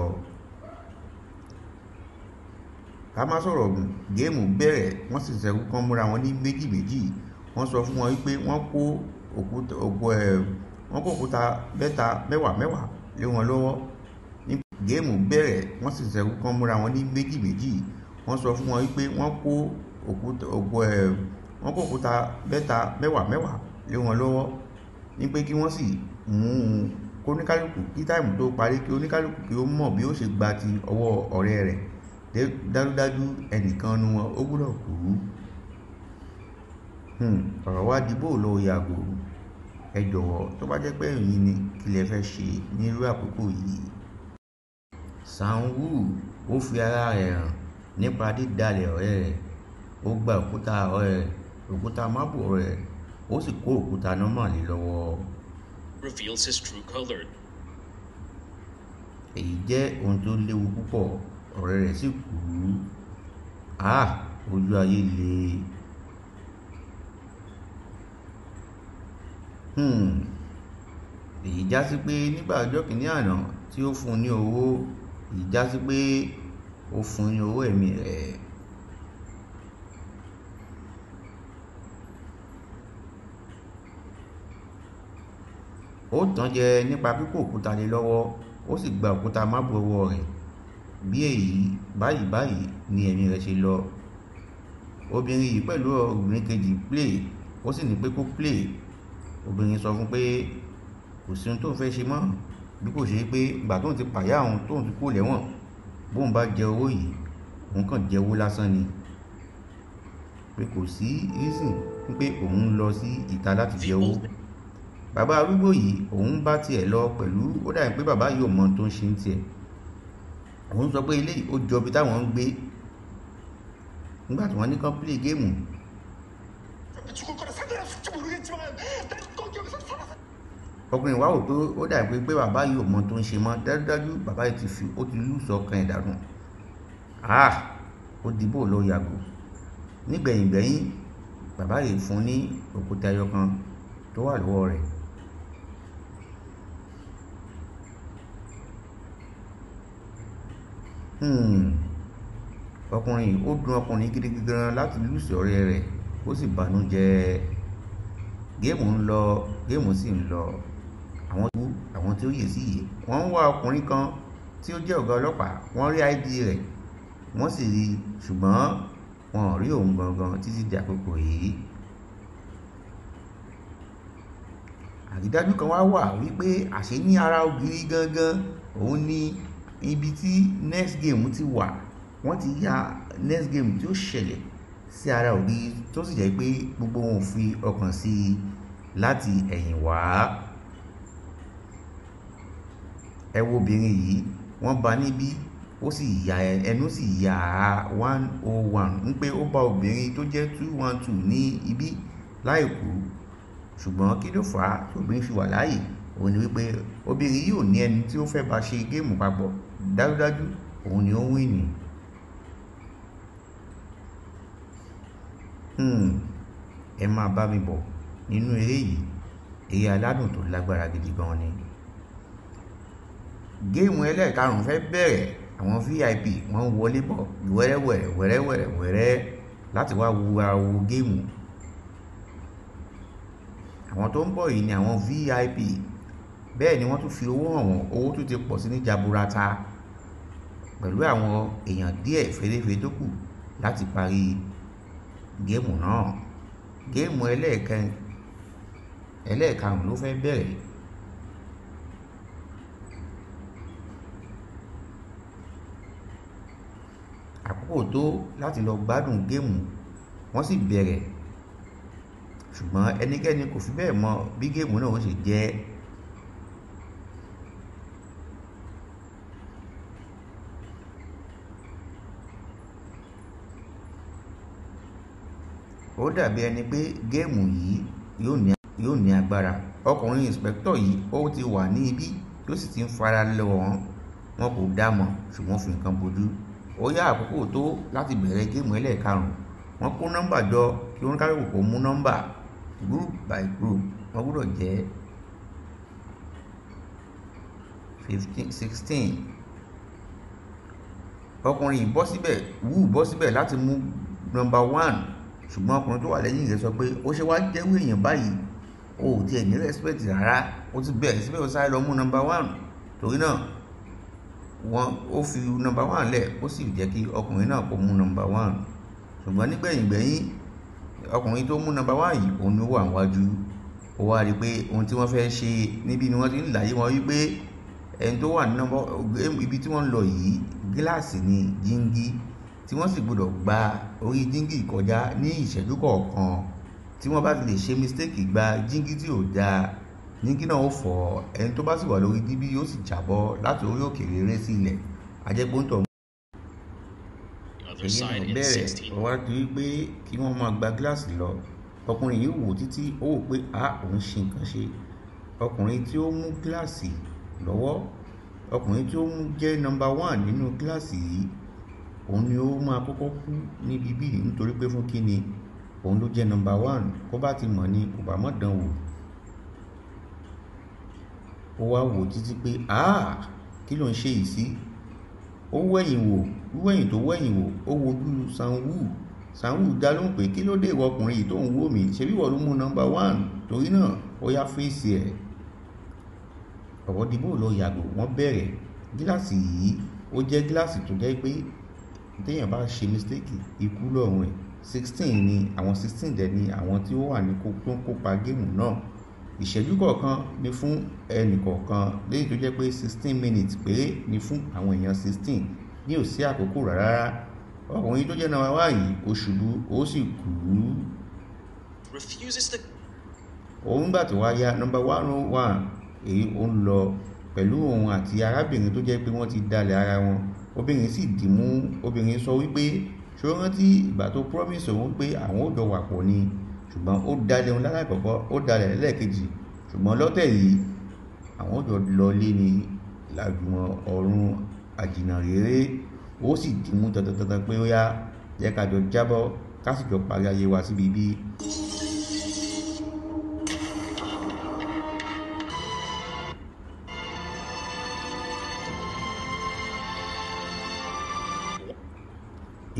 ká má sọ̀rọ̀ gùn géèmù bẹ̀rẹ̀ wọ́n sì sẹ́kù kan múra wọn ní méjì méjì wọ́n sọ fún wọn wípé wọ́n kó òkúta wọ́n kó òkúta mẹ́ta mẹ́wàá mẹ́wàá lé wọn lọ́wọ́ géèmù bẹ̀rẹ̀ wọ́n sì sẹ́kù kan múra wọn ní méjì méjì wọ́n sọ fún wọn wípé wọ́n kó òkúta wọ́n kó òkúta mẹ́ta mẹ́wàá mẹ́wàá lé wọn lọ́wọ́ ní pé kí wọ́n sì mú un kó oníkálukú kí táìmù tó parí kí oníkálukú kí ó mọ̀ bí ó ṣe gba ti ọwọ́ ọ̀rẹ́ rẹ̀ dájúdájú ẹnìkan nu wọn ó gbúdọ̀ kú hmm, ọ̀rọ̀ wá di bóòlù yàgò ẹ jọ̀wọ́ tó bá jẹ́ pé èyí ni kí lẹ fẹ́ ṣe ní irú àkókò yìí sanwó ó fi ara rẹ̀ hàn nípa dídàlẹ̀ ọ̀rẹ́ rẹ̀ ó gba òkúta ọ̀rẹ́ rẹ̀ òkúta mábò rẹ̀ ó sì kó òkúta nọ́mà lé lọ́wọ́. reveals his true color. èyí jẹ́ ohun tó léwu púpọ̀ ọ̀rẹ́ rẹ̀ sì kú ah ojú ayé le. Hmm, èyí já sí pé nígbà ọjọ́ kìíní àná tí ó fún un ní owó ìjásí pé ó fún ní owó ẹ̀mí rẹ̀ ó tàn jẹ nípa pípò òkúta lé lọ́wọ́ ó sì gba òkúta mábù ọwọ́ rẹ̀ bí èyí báyìí báyìí ni ẹ̀mí rẹ̀ ṣe lọ obìnrin yìí pẹ̀lú obìnrin kejì play ó sì ní pé kó play obìnrin sọ fún pé kò sí ohun tó fẹ́ ṣe mọ́ bí kò ṣe pé ìgbà tóun ti pàyà òun tóun ti kó lẹ́wọ̀n bóun bá jẹ owó yìí òun kàn jẹ owó lásán ni pé kò sí reason pé òun lọ sí ìta láti jẹ owó bàbá arúgbó yìí òun bá tiẹ̀ lọ pẹ̀lú ó dàbí pé bàbá yìí mọ tó ń ṣe ń tiẹ̀ òun sọ pé eléyìí ó jọ ibi táwọn ń gbé nígbà tí wọ́n ní kán play géèmù ọkùnrin ìwà òdó ó dàbí pé bàbá yìí ò mọ tó ń ṣe mọ́ dájúdájú bàbá yìí ti fi ó ti lùsọ̀ kan ìdàrún ah ó dìbò lọ yàgò nígbẹ̀yìngbẹ̀yìn bàbá yìí fún ní òkúta ẹyọ kan tó wà lọ́wọ́ rẹ̀ hmm. ọkùnrin ó dùn ọkùnrin gidigidi gan láti lùsọ̀ ọ̀rẹ́ rẹ̀ ó sì bànújẹ́ géèmù ń lọ géèmù sì ń lọ àwọn tó àwọn tí yè sí yìí wọ́n ń wá ọkùnrin kan tí ó jẹ́ ọ̀gá ọlọ́pàá wọ́n rí id rẹ̀ wọ́n sì rí i wọn ò rí òun gangan títí di àkókò yìí àrídájú kan wá wà wípé àṣé ní ara ògiri gangan òun ni ibi tí next game ti wà wọ́n ti ya next game tí ó ṣẹlẹ̀ sí ara ògiri tó sì jẹ́ pé gbogbo wọn ò fi ọkàn sí i láti ẹ̀yìn wá ẹ wo obìnrin yìí wọ́n bá níbí ó sì yà ẹnu sì yà á one oh one ń pé ó bá obìnrin tó jẹ́ two one two ní ibi láìkú ṣùgbọ́n kí ló fà á tí obìnrin fi wà láàyè òun ni wípé obìnrin yìí ò ní ẹni tí ó fẹ́ bá ṣe géèmù papọ̀ dájúdájú òun ni ó wíìnì. Hmm, ẹ máa bá mi bọ̀ nínú eré yìí eré aládùn tó lágbára gidi gan ni géèmù ẹlẹ́ẹ̀karùn-ún fẹ́ bẹ̀rẹ̀ àwọn vip wọ́n wọlé bọ̀ wẹ́rẹ́wẹ̀rẹ́ wẹ́rẹ́wẹ̀rẹ́ wẹ́rẹ́ láti wá wo ara wo géèmù àwọn tó ń bọ̀ yìí ni àwọn vip bẹ́ẹ̀ ni wọ́n tún fi owó hàn wọ́n owó tún ti pọ̀ sí ní jaburata pẹ̀lú àwọn èèyàn díẹ̀ fèrèfèrè tó kù láti parí géèmù náà géèmù ẹlẹ́ẹ̀kan ẹlẹ́ẹ̀karùn ló fẹ́ bẹ̀rẹ̀ àkókò tó láti lọ gbádùn géèmù wọ́n sì bẹ̀rẹ̀ ṣùgbọ́n ẹnikẹ́ni kò fi bẹ́ẹ̀ mọ bí géèmù náà ṣe jẹ́ ó dàbí ẹni pé géèmù yìí yóò ní agbára ọkùnrin ìǹspẹ̀tọ̀ yìí ó ti wà ní ibi tó sì ti ń fara lọ wọn kò dá mọ̀ ṣùgbọ́n fi nǹkan bojú ó yá àkókò tó láti bẹ̀rẹ̀ géèmù ẹlẹ́ẹ̀karùn-ún wọ́n kó nọ́mbà jọ kí wọ́n kárò kó mú nọ́mbà group by group wọ́n gbọ́dọ̀ jẹ́ fifteen sixteen ọkùnrin yìí bọ́ síbẹ̀ wú bọ́ síbẹ̀ láti mú nọ́mbà one ṣùgbọ́n ọkùnrin tó wà lẹ́yìn rẹ̀ sọ pé ó ṣe wá jẹ́wọ́ èèyàn báyìí o ò tiẹ̀ ní respect rárá ó ti bẹ̀rẹ̀ síbẹ̀ ó sáré lọ mú nọ́mbà one torí náà wọn ó fi nọ́mbà wán lẹ̀ ó sì jẹ́ kí ọkùnrin náà kó mú nọ́mbà wán ṣùgbọ́n nígbẹ̀yìngbẹ̀yìn ọkùnrin tó mú nọ́mbà wán yìí òun ló wà wájú ó wá rí i pé ohun tí wọ́n fẹ́ ṣe níbi ni wọ́n ti ń láyé wọn wípé ẹni tó wà nọ́mbà ibi tí wọ́n lọ yìí gíláàsì ni jíngí tí wọ́n sì gbọ́dọ̀ gba orí jíngì kọjá ní ìṣẹ́jú kọ̀ọ̀kan tí wọ́n bá ti lè ṣe mistake gba jíngì tí ò dáa nígí náà ó fọ́ ẹni tó bá sì wà lórí díbí yóò sì jábọ́ láti orí òkèèrè eré sí ilẹ̀ ajẹ́gbóńtọ̀ èyí náà bẹ̀rẹ̀ wá torí pé kí wọ́n máa gba gíláàsì lọ ọkùnrin yìí wò títí ó wò pé a òun ṣe nǹkan ṣe ọkùnrin tí ó mú gíláàsì lọ́wọ́ ọkùnrin tí ó mú jẹ́ nọ́mbà wán nínú gíláàsì yìí òun ni ó máa kọ́kọ́ kú níbi bíi nítorí pé fún kí ni òun ló jẹ́ nọ́mbà wán kó bá ti mọ̀ ni kò bá mọ̀ dán wò ó wá wò títí pé àá kí ló ń ṣe yìí sí ó wẹ̀yìn wò wíwẹ̀yìn tó wẹ̀yìn wò ó wojú sanwó sanwó dá ló ń pè kí ló dé ìwọ ọkùnrin yìí tó ń wò mí ṣebí wọ́n ló mú nọ́mbà one torí náà ó yá fèsì ẹ̀ ọ̀rọ̀ dìbò lọ yàgò wọ́n bẹ̀rẹ̀ gíláàsì yìí ó jẹ́ gíláàsì tó jẹ́ pé téèyàn bá ṣe mistake ikú lọ́rùn ẹ̀ sixteen ni àwọn sixteen dẹ̀ ni àwọn tí ó wà ní kó tó ń kópa géèmù náà ìṣẹ́jú kọ̀ọ̀kan ni fún ẹnì kọ̀ọ̀kan léyìí tó jẹ́ pé sixteen minutes péré ni fún àwọn èèyàn sixteen ní ò sí àkókò rárá ọkùnrin tó jẹ́ náà wá yìí ó ṣubú ó sì kú. òun gbà tó wáyá nọ́mbà one oh one èyí ó ń lọ pẹ̀lú òun àti arábìnrin tó jẹ́ pé wọ́n ti dalẹ̀ ara wọn obìnrin sì dì mú obìnrin sọ wípé ṣó rántí ìgbà tó promise òun pé àwọn ò jọ wà pọ̀ ni ṣùgbọ́n ó dalẹ̀ òun lálàkọ̀kọ́ ó dalẹ̀ lẹ́ẹ̀kejì ṣùgbọ́n lọ́tẹ̀ yìí àwọn òjò lọlé ní làjùmọ̀ ọ̀run àjìnà rere ó sì ti mú tọ̀tọ̀tọ̀tọ̀ pé ó yá jẹ́ ká jọ jábọ́ ká sì jọ parí ayé wa síbi bí.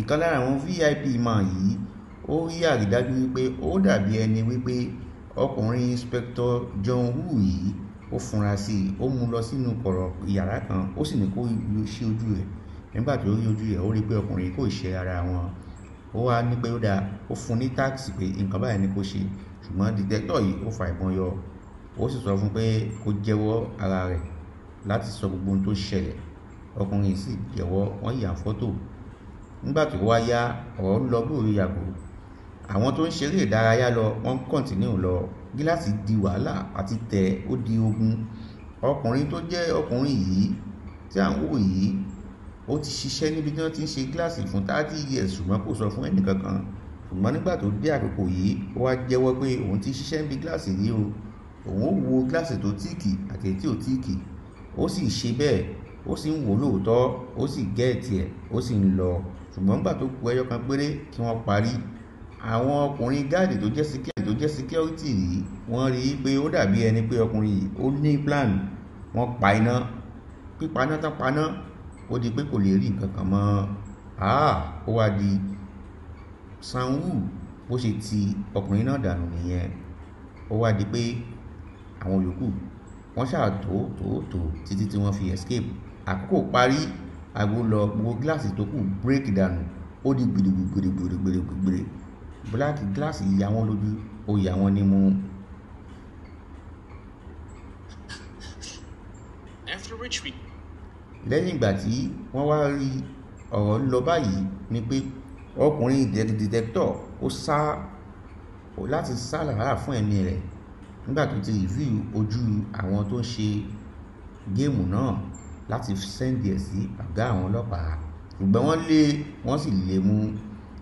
ìkan lára àwọn vip máa yìí ó rí àrídájú wípé ó dàbí ẹni wípé ọkùnrin inspector John Wu yìí ó funra sí i ó mú lọ sínú kọ̀rọ̀ yàrá kan ó sì ní kó ṣí ojú rẹ̀ nígbà tó rí ojú rẹ̀ ó rí pé ọkùnrin kò ṣe ara wọn ó wá ní pé ó dáa ó fún ní táàkì pé nǹkan báyìí ni kó ṣe ṣùgbọ́n dìtẹ́tọ̀ yìí ó fa ìbọn yọ ó sì sọ fún pé kó jẹ́wọ́ ara rẹ̀ láti sọ gbogbo ohun tó ṣẹlẹ̀ ọkùnrin sì jẹ́wọ́ wọ́n yà fọ́tò nígbà tó wá yá ọ̀rọ̀ lọ bí yàgò àwọn tó ń ṣeré ìdárayá lọ wọ́n kọ́ntínú lọ gíláàsì di wàhálà àti tẹ̀ ó di ogun ọkùnrin tó jẹ́ ọkùnrin yìí tí à ń wò yìí ó ti ṣiṣẹ́ níbi tí wọ́n ti ń ṣe gíláàsì fún thirty years ṣùgbọ́n kò sọ fún ẹnìkankan ṣùgbọ́n nígbà tó dé àkókò yìí ó wá jẹ́wọ́ pé òun ti ṣiṣẹ́ níbi gíláàsì yìí o òun ó wo gíláàsì tó tíìkì àti tí ò tíìkì ó sì ṣe bẹ́ẹ̀ ó sì ń wò lóòótọ́ ó sì gẹ́ẹ̀tì ẹ̀ ó sì ń lọ ṣùgbọ́n nígbà tó ku ẹyọ kan péré kí wọ́n parí àwọn ọkùnrin gáàdì tó jẹ́ security tó jẹ́ security yìí wọ́n rí i pé ó dàbí ẹni pé ọkùnrin yìí ó ní plan wọ́n pa iná pípaná tán paná ó di pé kò lè rí nǹkan kan mọ́ àá ah, ó wá di sanwó bó ṣe ti ọkùnrin náà dànù nìyẹn ó wá di pé àwọn yòókù wọ́n ṣáà tó tó tó títí tí wọ́n fi escape àkókò parí aago lọ gbogbo gíláàsì tó kù bírèkì dànù ó di gbèrègbèrègbèrègbèrègbèrè Black gíláàsì yà wọ́n lójú ó yà wọ́n nímú. lẹ́yìn ìgbà tí wọ́n wá rí ọ̀rọ̀ ń lọ báyìí ni pé ọkùnrin dìtẹ́kítọ̀ ó sá láti sá làárà fún ẹ̀mí rẹ̀ nígbà tó ti rìvíù ojú àwọn tó ń ṣe géèmù náà láti sẹ́ǹdì ẹ̀ sí àgá àwọn ọlọ́pàá ṣùgbọ́n wọ́n lé wọ́n sì lé mú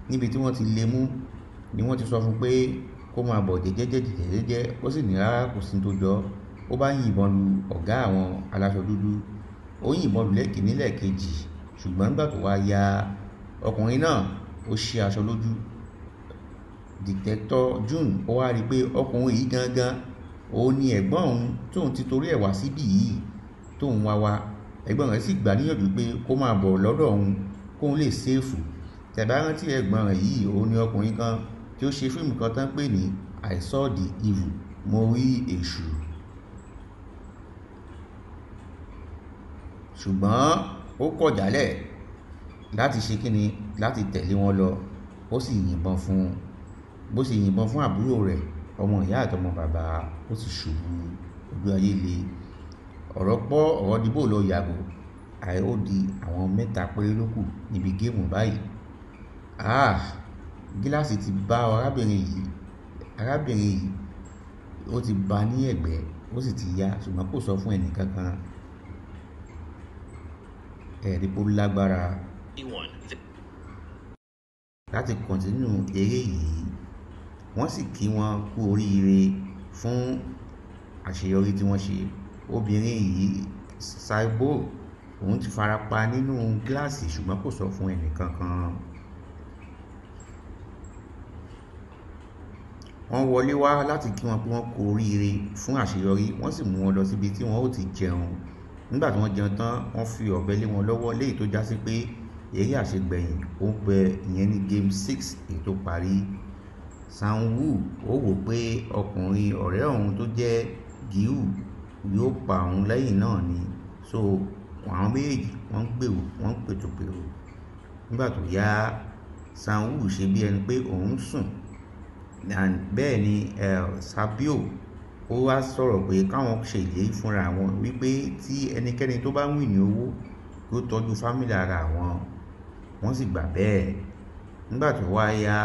níbi tí wọ́n ti lé mú ni wọ́n ti sọ fún pé kó máa bọ̀ jẹ́jẹ́jẹ́ ó sì ní rárá kò sí tó jọ ó bá yìnbọn lu ọ̀gá àwọn aláṣọ dúdú ó yìnbọn lu lẹ́kìnní lẹ́ẹ̀kejì ṣùgbọ́n nígbà tó wá ya ọkùnrin náà ó ṣe aṣọ lójú dìtẹ́tọ̀ June ó wá rí i pé ọkùnrin yìí gangan òun ni ẹ̀gbọ́n òun tóun ti torí ẹ̀ wá síbí yìí tóun wá wá ẹ̀gbọ́n rẹ̀ sì gbà níyànjú pé kó máa bọ̀ lọ́dọ̀ òun kóun lè ṣèèfù tẹ̀bá rántí ẹ̀gbọ́n rẹ̀ yìí òun ni ọkùnrin kan tí ó ṣe fíìmù kan tán pè ní I saw the evil mo rí èṣù ṣùgbọ́n ó kọ̀ jálẹ̀ láti ṣe kíni láti tẹ̀lé wọn lọ ó sì yìnbọn fún bó sì yìnbọn fún àbúrò rẹ̀ ọmọ ìyá àtọmọ bàbá ó sì ṣubú ojú ayé le ọ̀rọ̀ pọ̀ ọ̀rọ̀ dìbò lọ yàgò àìó di àwọn mẹ́ta péré ló kù níbi géèmù báyìí ah gíláàsì ti bá arábìnrin yìí arábìnrin yìí ó ti bá ní ẹ̀gbẹ́ ó sì ti yá ṣùgbọ́n kò sọ fún ẹnì kankan ẹ̀rí pó lágbára láti kọ̀ntínú eré yìí wọ́n sì kí wọn kú oríire fún àṣeyọrí tí wọ́n ṣe obìnrin yìí Saibou òun ti farapa nínú gíláàsì ṣùgbọ́n kò sọ fún ẹnì kankan. wọ́n wọlé wá láti kí wọn pé wọ́n kú oríire fún àṣeyọrí wọ́n sì mú wọn lọ síbi tí wọ́n ó ti jẹun nígbà tí wọ́n jẹun tán wọ́n fi ọ̀bẹ lé wọn lọ́wọ́ léyìí tó já sí pé eré àṣegbẹ̀yìn ó pẹ ìyẹn ní game six èyí tó parí sanwó ó wò pé ọkùnrin ọ̀rẹ́ òun tó jẹ́ giu yóò pa òun lẹ́yìn náà ni so àwọn méjèèjì wọ́n gbèrò wọ́n pètòpèrò nígbà tó yá sanwó ṣe bí ẹni pé òun sùn and bẹ́ẹ̀ ni Savio ó wá sọ̀rọ̀ pé káwọn ṣèlérí fúnra wọn wípé tí ẹnikẹ́ni tó bá wìn ní owó yóò tọ́jú fámìlì ara wọn wọ́n sì gbà bẹ́ẹ̀ nígbà tó wá ya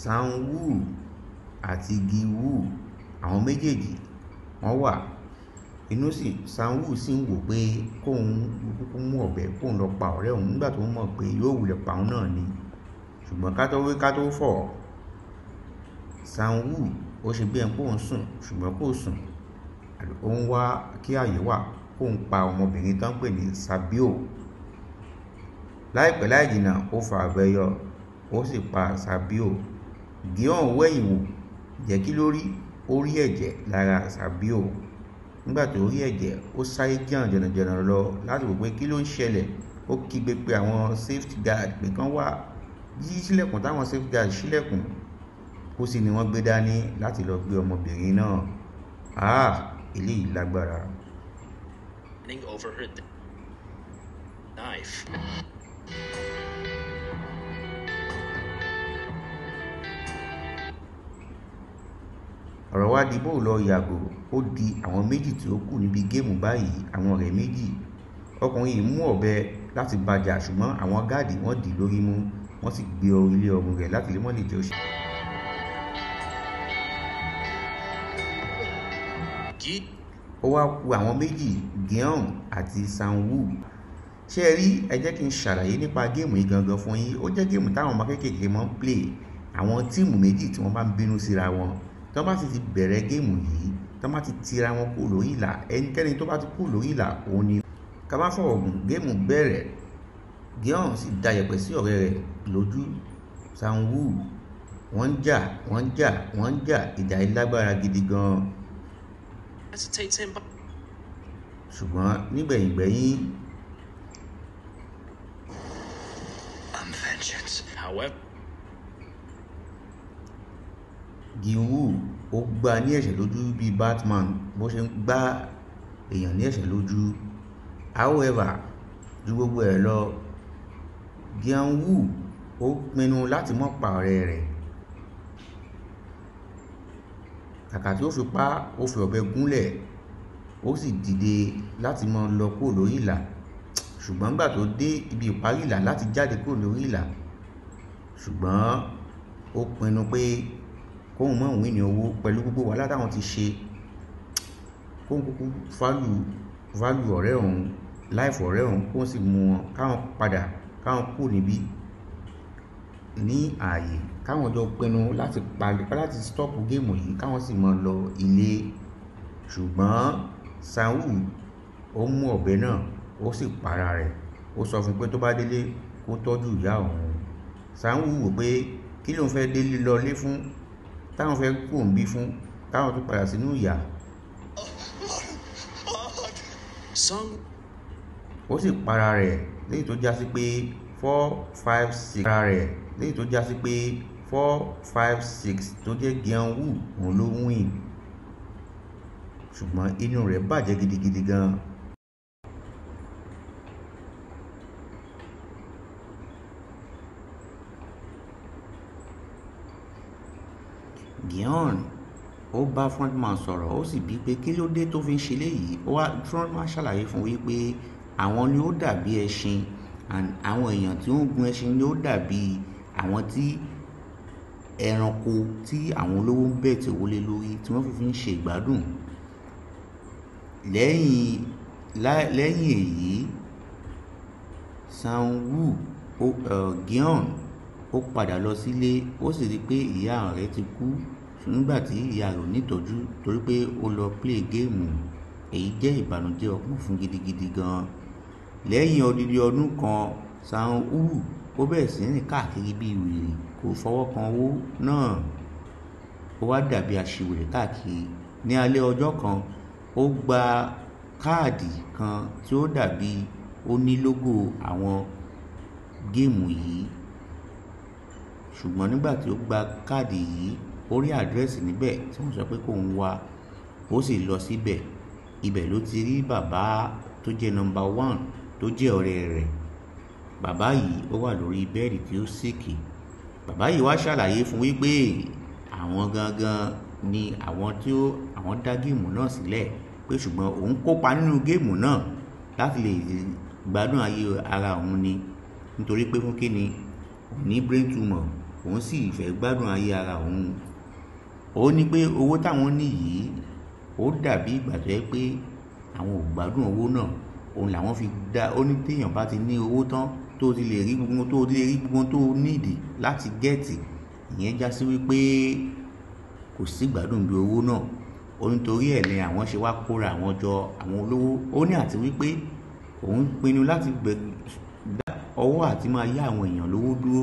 sanwó àti giwu àwọn méjèèjì wọ́n wà inú sì sanwó sì ń wò pé kóun kúkú mú ọ̀bẹ kóun lọ pa ọ̀rẹ́ òun nígbà tó mọ̀ pé yóò wulẹ̀ pa òun náà ni ṣùgbọ́n ká tó wí ká tó fọ̀ sanwó ó ṣe bí ẹni pé òun sùn ṣùgbọ́n kò sùn ó ń wá kí ààyè wà kó ń pa ọmọbìnrin tó pè ní sabio láìpẹ́ láì jìnnà ó fa àbẹyọ ó sì pa sabio gion wẹ̀yìn wò jẹ́ kí ló rí ó rí ẹ̀jẹ̀ lára sabio nígbà tó rí ẹ̀jẹ̀ ó sáré jẹun jẹnàjẹnà lọ láti wò pé kí ló ń ṣẹlẹ̀ ó kígbe pé àwọn safety guard pé kán wá yí sílẹ̀kùn táwọn safety guard sílẹ̀kùn pósí ni wọ́n gbé dání láti lọ gbé ọmọbìnrin náà ah eléyìí lágbára. overheard knife. ọ̀rọ̀ wá di bóò lọ yàgò ó di àwọn méjì tí ó kù níbi géèmù báyìí àwọn ọ̀rẹ́ méjì ọkùnrin yìí mú ọ̀bẹ láti bàjà ṣùgbọ́n àwọn gáàdì wọ́n dì lórí mú wọ́n sì gbé ilé ọmọ rẹ̀ láti lè mọ́ lè ó wá ku àwọn méjì Geum àti Sanwoo ṣé ẹ rí ẹ jẹ́ kí n ṣàlàyé nípa géèmù yìí gangan fún yín ó jẹ́ géèmù táwọn ọmọ kéékèèké máa ń play àwọn tíìmù méjì tí wọ́n bá ń bínú síra wọn tí wọ́n bá sì ti bẹ̀rẹ̀ géèmù yìí tí wọ́n bá ti tira wọn kú lórí ìlà ẹnikẹ́ni tó bá ti kú lórí ìlà òun ni. kaba fọwọ́ gùn géèmù bẹ̀rẹ̀ Geum sì da yẹ̀pẹ̀ sí ọ̀rẹ́ rẹ̀ lójú Sanwoo wọ́n ń jà wọ́n ń jà wọ́n ń jà ìjà yìí gidi gan-an hesitating but ṣùgbọ́n nígbẹ̀yìngbẹ̀yìn. I'm vengeance. however. Gìwú ó gbá ní ẹ̀ṣẹ̀ lójú bíi Batman bó ṣe ń gbá èèyàn ní ẹ̀ṣẹ̀ lójú however ju gbogbo ẹ̀ lọ Gìwú ó pinnu láti mọ̀ pa rẹ̀ kàkà tí ó fi pa ó fi ọ̀bẹ gúnlẹ̀ ó sì dìde láti mọ lọ kúrò lórí ìlà ṣùgbọ́n nígbà tó dé ibi ìparí ìlà láti jáde kúrò lórí ìlà ṣùgbọ́n ó pinnu pé kóhun mọ̀ wí ní owó pẹ̀lú gbogbo wàhálà táwọn ti ṣe kóhun kúkú fálù fálù ọ̀rẹ́ òun láìfọ ọ̀rẹ́ òun kóhun sì mú wọn káwọn padà káwọn kú níbí ní ààyè káwọn jọ pinnu láti parí láti stop géèmù yìí káwọn sì máa lọ ilé ṣùgbọ́n Saul ó mú ọ̀bẹ náà ó sì para rẹ̀ ó sọ fún pé tó bá délé kó tọ́jú ìyá òun Saul wò pé kí lóun fẹ́ délé lọlé fún táwọn fẹ́ kó ń bí fún táwọn tó padà sínú ìyà ó sì para rẹ̀ léyìí tó já sí pé four five six para rẹ̀ léyìí tó já sí pé four five six tó jẹ́ Gyeongwu òun ló win ṣùgbọ́n inú rẹ̀ bàjẹ́ gidigidi gan. Gyeon ó bá frontman sọ̀rọ̀ ó sì bíi pé kí ló dé tó fi ń ṣe léyìí ó wá frontman ṣàlàyé fún wípé àwọn ni ó dàbí ẹṣin àwọn èèyàn tí ó ń gun ẹṣin ni ó dàbí àwọn tí ẹranko tí àwọn olówó ń bẹ̀tẹ̀ owó lé lórí tí wọ́n fi ń ṣe ìgbádùn lẹ́yìn lẹ́yìn èyí sanwó gion ó padà lọ sílé ó sì rí i pé ìyá rẹ̀ ti kú nígbà tí ìyá rẹ̀ ò nítọ́jú torí pé ó lọ play géèmù èyí jẹ́ ìbànújẹ́ ọkàn fún gidigidi gan lẹ́yìn odidi ọdún kan sanwó ó bẹ̀rẹ̀ sí rìn káàkiri bíi wèrè kò fọwọ́ kan owó náà ó wá dàbí aṣiwèrè káàkiri ní alẹ́ ọjọ́ kan ó gba káàdì kan tí ó dàbí ó ní lógò àwọn géèmù yìí ṣùgbọ́n nígbà tí ó gba káàdì yìí ó rí àdírẹ́sì níbẹ̀ tí wọ́n sọ pé kò ń wá ó sì lọ síbẹ̀ ibẹ̀ ló ti rí bàbá tó jẹ́ nọ́mbà one tó jẹ́ ọ̀rẹ́ rẹ̀ bàbá yìí ó wà lórí bẹ́ẹ̀dì tí ó sèkì bàbá yìí wá ṣàlàyé fún wípé àwọn gangan ni àwọn tí ó àwọn dá géèmù náà sílẹ̀ pé ṣùgbọ́n òun kópa nínú géèmù náà láti lè gbádùn ayé ara òun ni nítorí pé fún kíni òun brain tumor òun sì fẹ́ gbádùn ayé ara òun ó ní pé owó táwọn ní yìí ó dàbí ìgbà tó yẹ pé àwọn ò gbádùn owó náà òun làwọn fi dá ó ní téèyàn bá ti ní owó tán tó ti lè rí gbogbo tó ti lè rí gbogbo tó nídìí láti gẹ́ẹ̀tì ìyẹn já sí wípé kò sí ìgbádùn bí owó náà ó nítorí ẹ̀ ni àwọn ṣe wá kóra àwọn jọ àwọn olówó ó ní àti wípé òun pinnu láti dá ọwọ́ àti máa yá àwọn èèyàn lówó dúró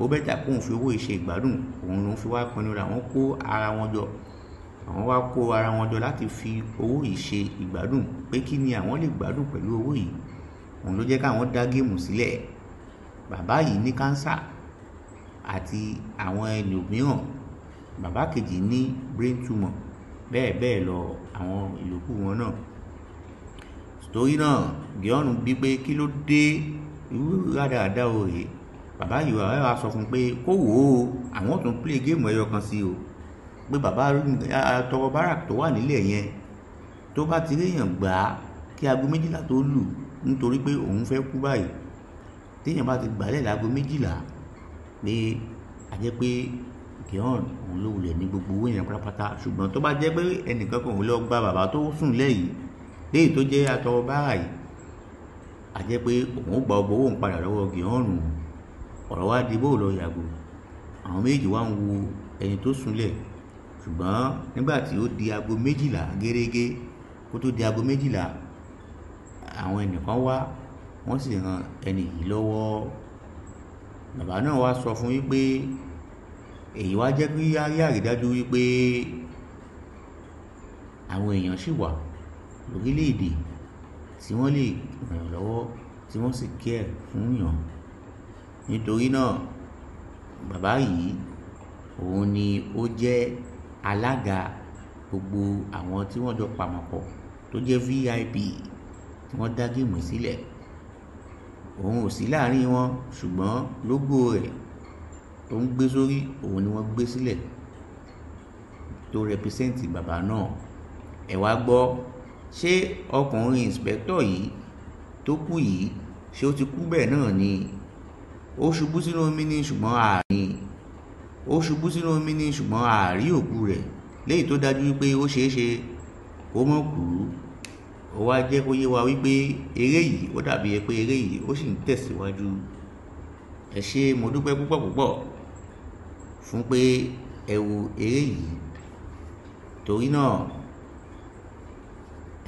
ó bẹ́tà kóun fi owó ìṣe ìgbádùn òun ló fi wá pinnu ra àwọn kó ara wọn jọ àwọn wá kó ara wọn jọ láti fi owó yìí ìgbádùn pé kí ni àwọn lè gbádùn pẹ̀lú owó yìí òun ló jẹ́ káwọn dá géèmù sílẹ̀ bàbá yìí ní kánsà àti àwọn ẹlòmíràn bàbá kejì ní brain tumor bẹ́ẹ̀ bẹ́ẹ̀ lọ àwọn ìlòkù wọn náà torí náà gíọ́nù bí pé kí ló dé irú rádaràda o rèé bàbá yìí wàá wá sọ fún un pé kó wò ó àwọn tún play géèmù ẹyọ kan sí o pé bàbá tọrọ barak tó wà nílẹ̀ yẹn tó bá ti réèyàn gbà á kí aago méjìlá tó lù nítorí pé òun fẹ́ kú báyìí téèyàn bá ti gbàlẹ̀ láago méjìlá pé a jẹ́ pé gẹ̀hàn òun ló wulẹ̀ ní gbogbo owó yẹn pátápátá ṣùgbọ́n tó bá jẹ́ pé ẹnìkan kan òun lọ gba bàbá tó sùn lẹ́yìn léyìí tó jẹ́ atọwọ́ bára yìí a jẹ́ pé òun ó gba ọgbọ owó ń padà lọ́wọ́ gẹ̀hàn ọ̀rọ̀ wá di bó lọ yàgò àwọn méjì wá ń wo ẹni tó sùnlẹ̀ ṣùgbọ́n nígbà tí ó di aago méjìlá gẹ́gẹ́ kó tó di aago méjìlá àwọn ẹnìkan wá wọ́n sì ran ẹni yìí lọ́wọ́ bàbá náà wá sọ fún wípé èyí wá jẹ́ kí á rí àrídájú wípé àwọn èèyàn sì wà lórílẹ̀‐èdè tí wọ́n lè ràn lọ́wọ́ tí wọ́n sì care fún yàn nítorí náà bàbá yìí òun ni ó jẹ́ alága gbogbo àwọn tí wọ́n jọ pàmò pọ̀ tó jẹ́ vip wọ́n dá géèmù sílẹ̀ òun ò sí láàrin wọn ṣùgbọ́n lógò rẹ̀ tó ń gbé sórí òun ni wọ́n gbé sílẹ̀ tó rẹpísẹ́ǹtì bàbá náà ẹ wá gbọ́ ṣé ọkùnrin ìǹspẹ̀tọ̀ yìí tó kú yìí ṣé ó ti kú bẹ́ẹ̀ náà ni ó ṣubú sínú omi ní ṣùgbọ́n àárín ó ṣubú sínú omi ní ṣùgbọ́n àárí òkú rẹ̀ léyìí tó dájú wípé ó ṣeé kó mọ̀ kú ó wá jẹ́ kó yé wa wípé eré yìí ó dàbí pé eré yìí ó sì ń tẹ̀síwájú ẹ ṣé mo dúpẹ́ púpọ̀ púpọ̀ fún pé ẹ wo eré yìí torí náà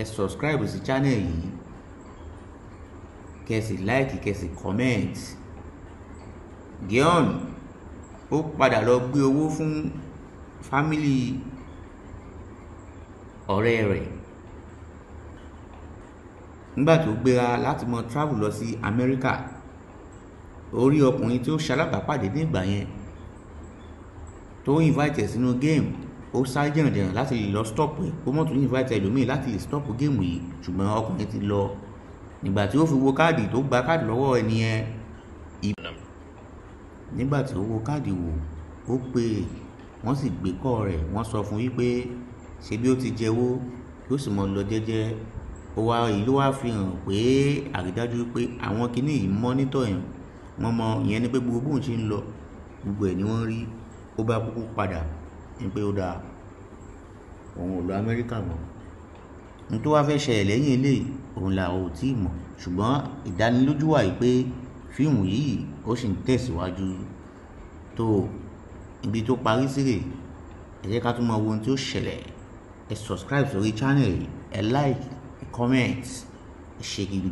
ẹ subscribe sí channel yìí kẹsì like kẹsì comment Gíọ́n ó padà lọ gbé owó fún fámìlì ọ̀rẹ́ rẹ̀ nígbà tó gbéra láti mọ travel lọ sí Amẹ́ríkà ó ọkùnrin tí ó ṣalábàápàdé ní ìgbà yẹn tó invite sínú game ó sáré jẹ̀rìndẹ̀rìn láti lọ stop kó mọ̀ invite ẹlòmíì láti lè stop game yìí ṣùgbọ́n ọkùnrin ti lọ nígbà tí ó fi wo káàdì tó gba káàdì lọ́wọ́ ẹni yẹn nígbà tí ó wo káàdì wò ó pè wọ́n sì gbé kọ́ rẹ̀ wọ́n sọ fún wípé ṣebí ó ti jẹ́wọ́ yóò sì mọ lọ jẹ́jẹ́ wa èyí ló wá fi hàn pé àrídájú pé àwọn kinní yìí mọ́nítọ̀ yẹn wọ́n mọ ìyẹn ni pé gbogbo bóun ṣe ń lọ gbogbo ẹ̀ ni wọ́n rí ó bá kúkú padà ní pé ó dáa òun ò lọ amẹ́ríkà mọ́ n tó wá fẹ́ ṣẹlẹ̀ lẹ́yìn eléyìí òun là ò tí mọ̀ ṣùgbọ́n ìdánilójú wà yìí pé fíìmù yìí ó sì ń tẹ̀síwájú tó ibi tó parí sílè ẹ jẹ́ ká tún mọ ohun tí ó ṣẹlẹ̀ ẹ subscribe sórí channel ẹ like comments. Eşe gidi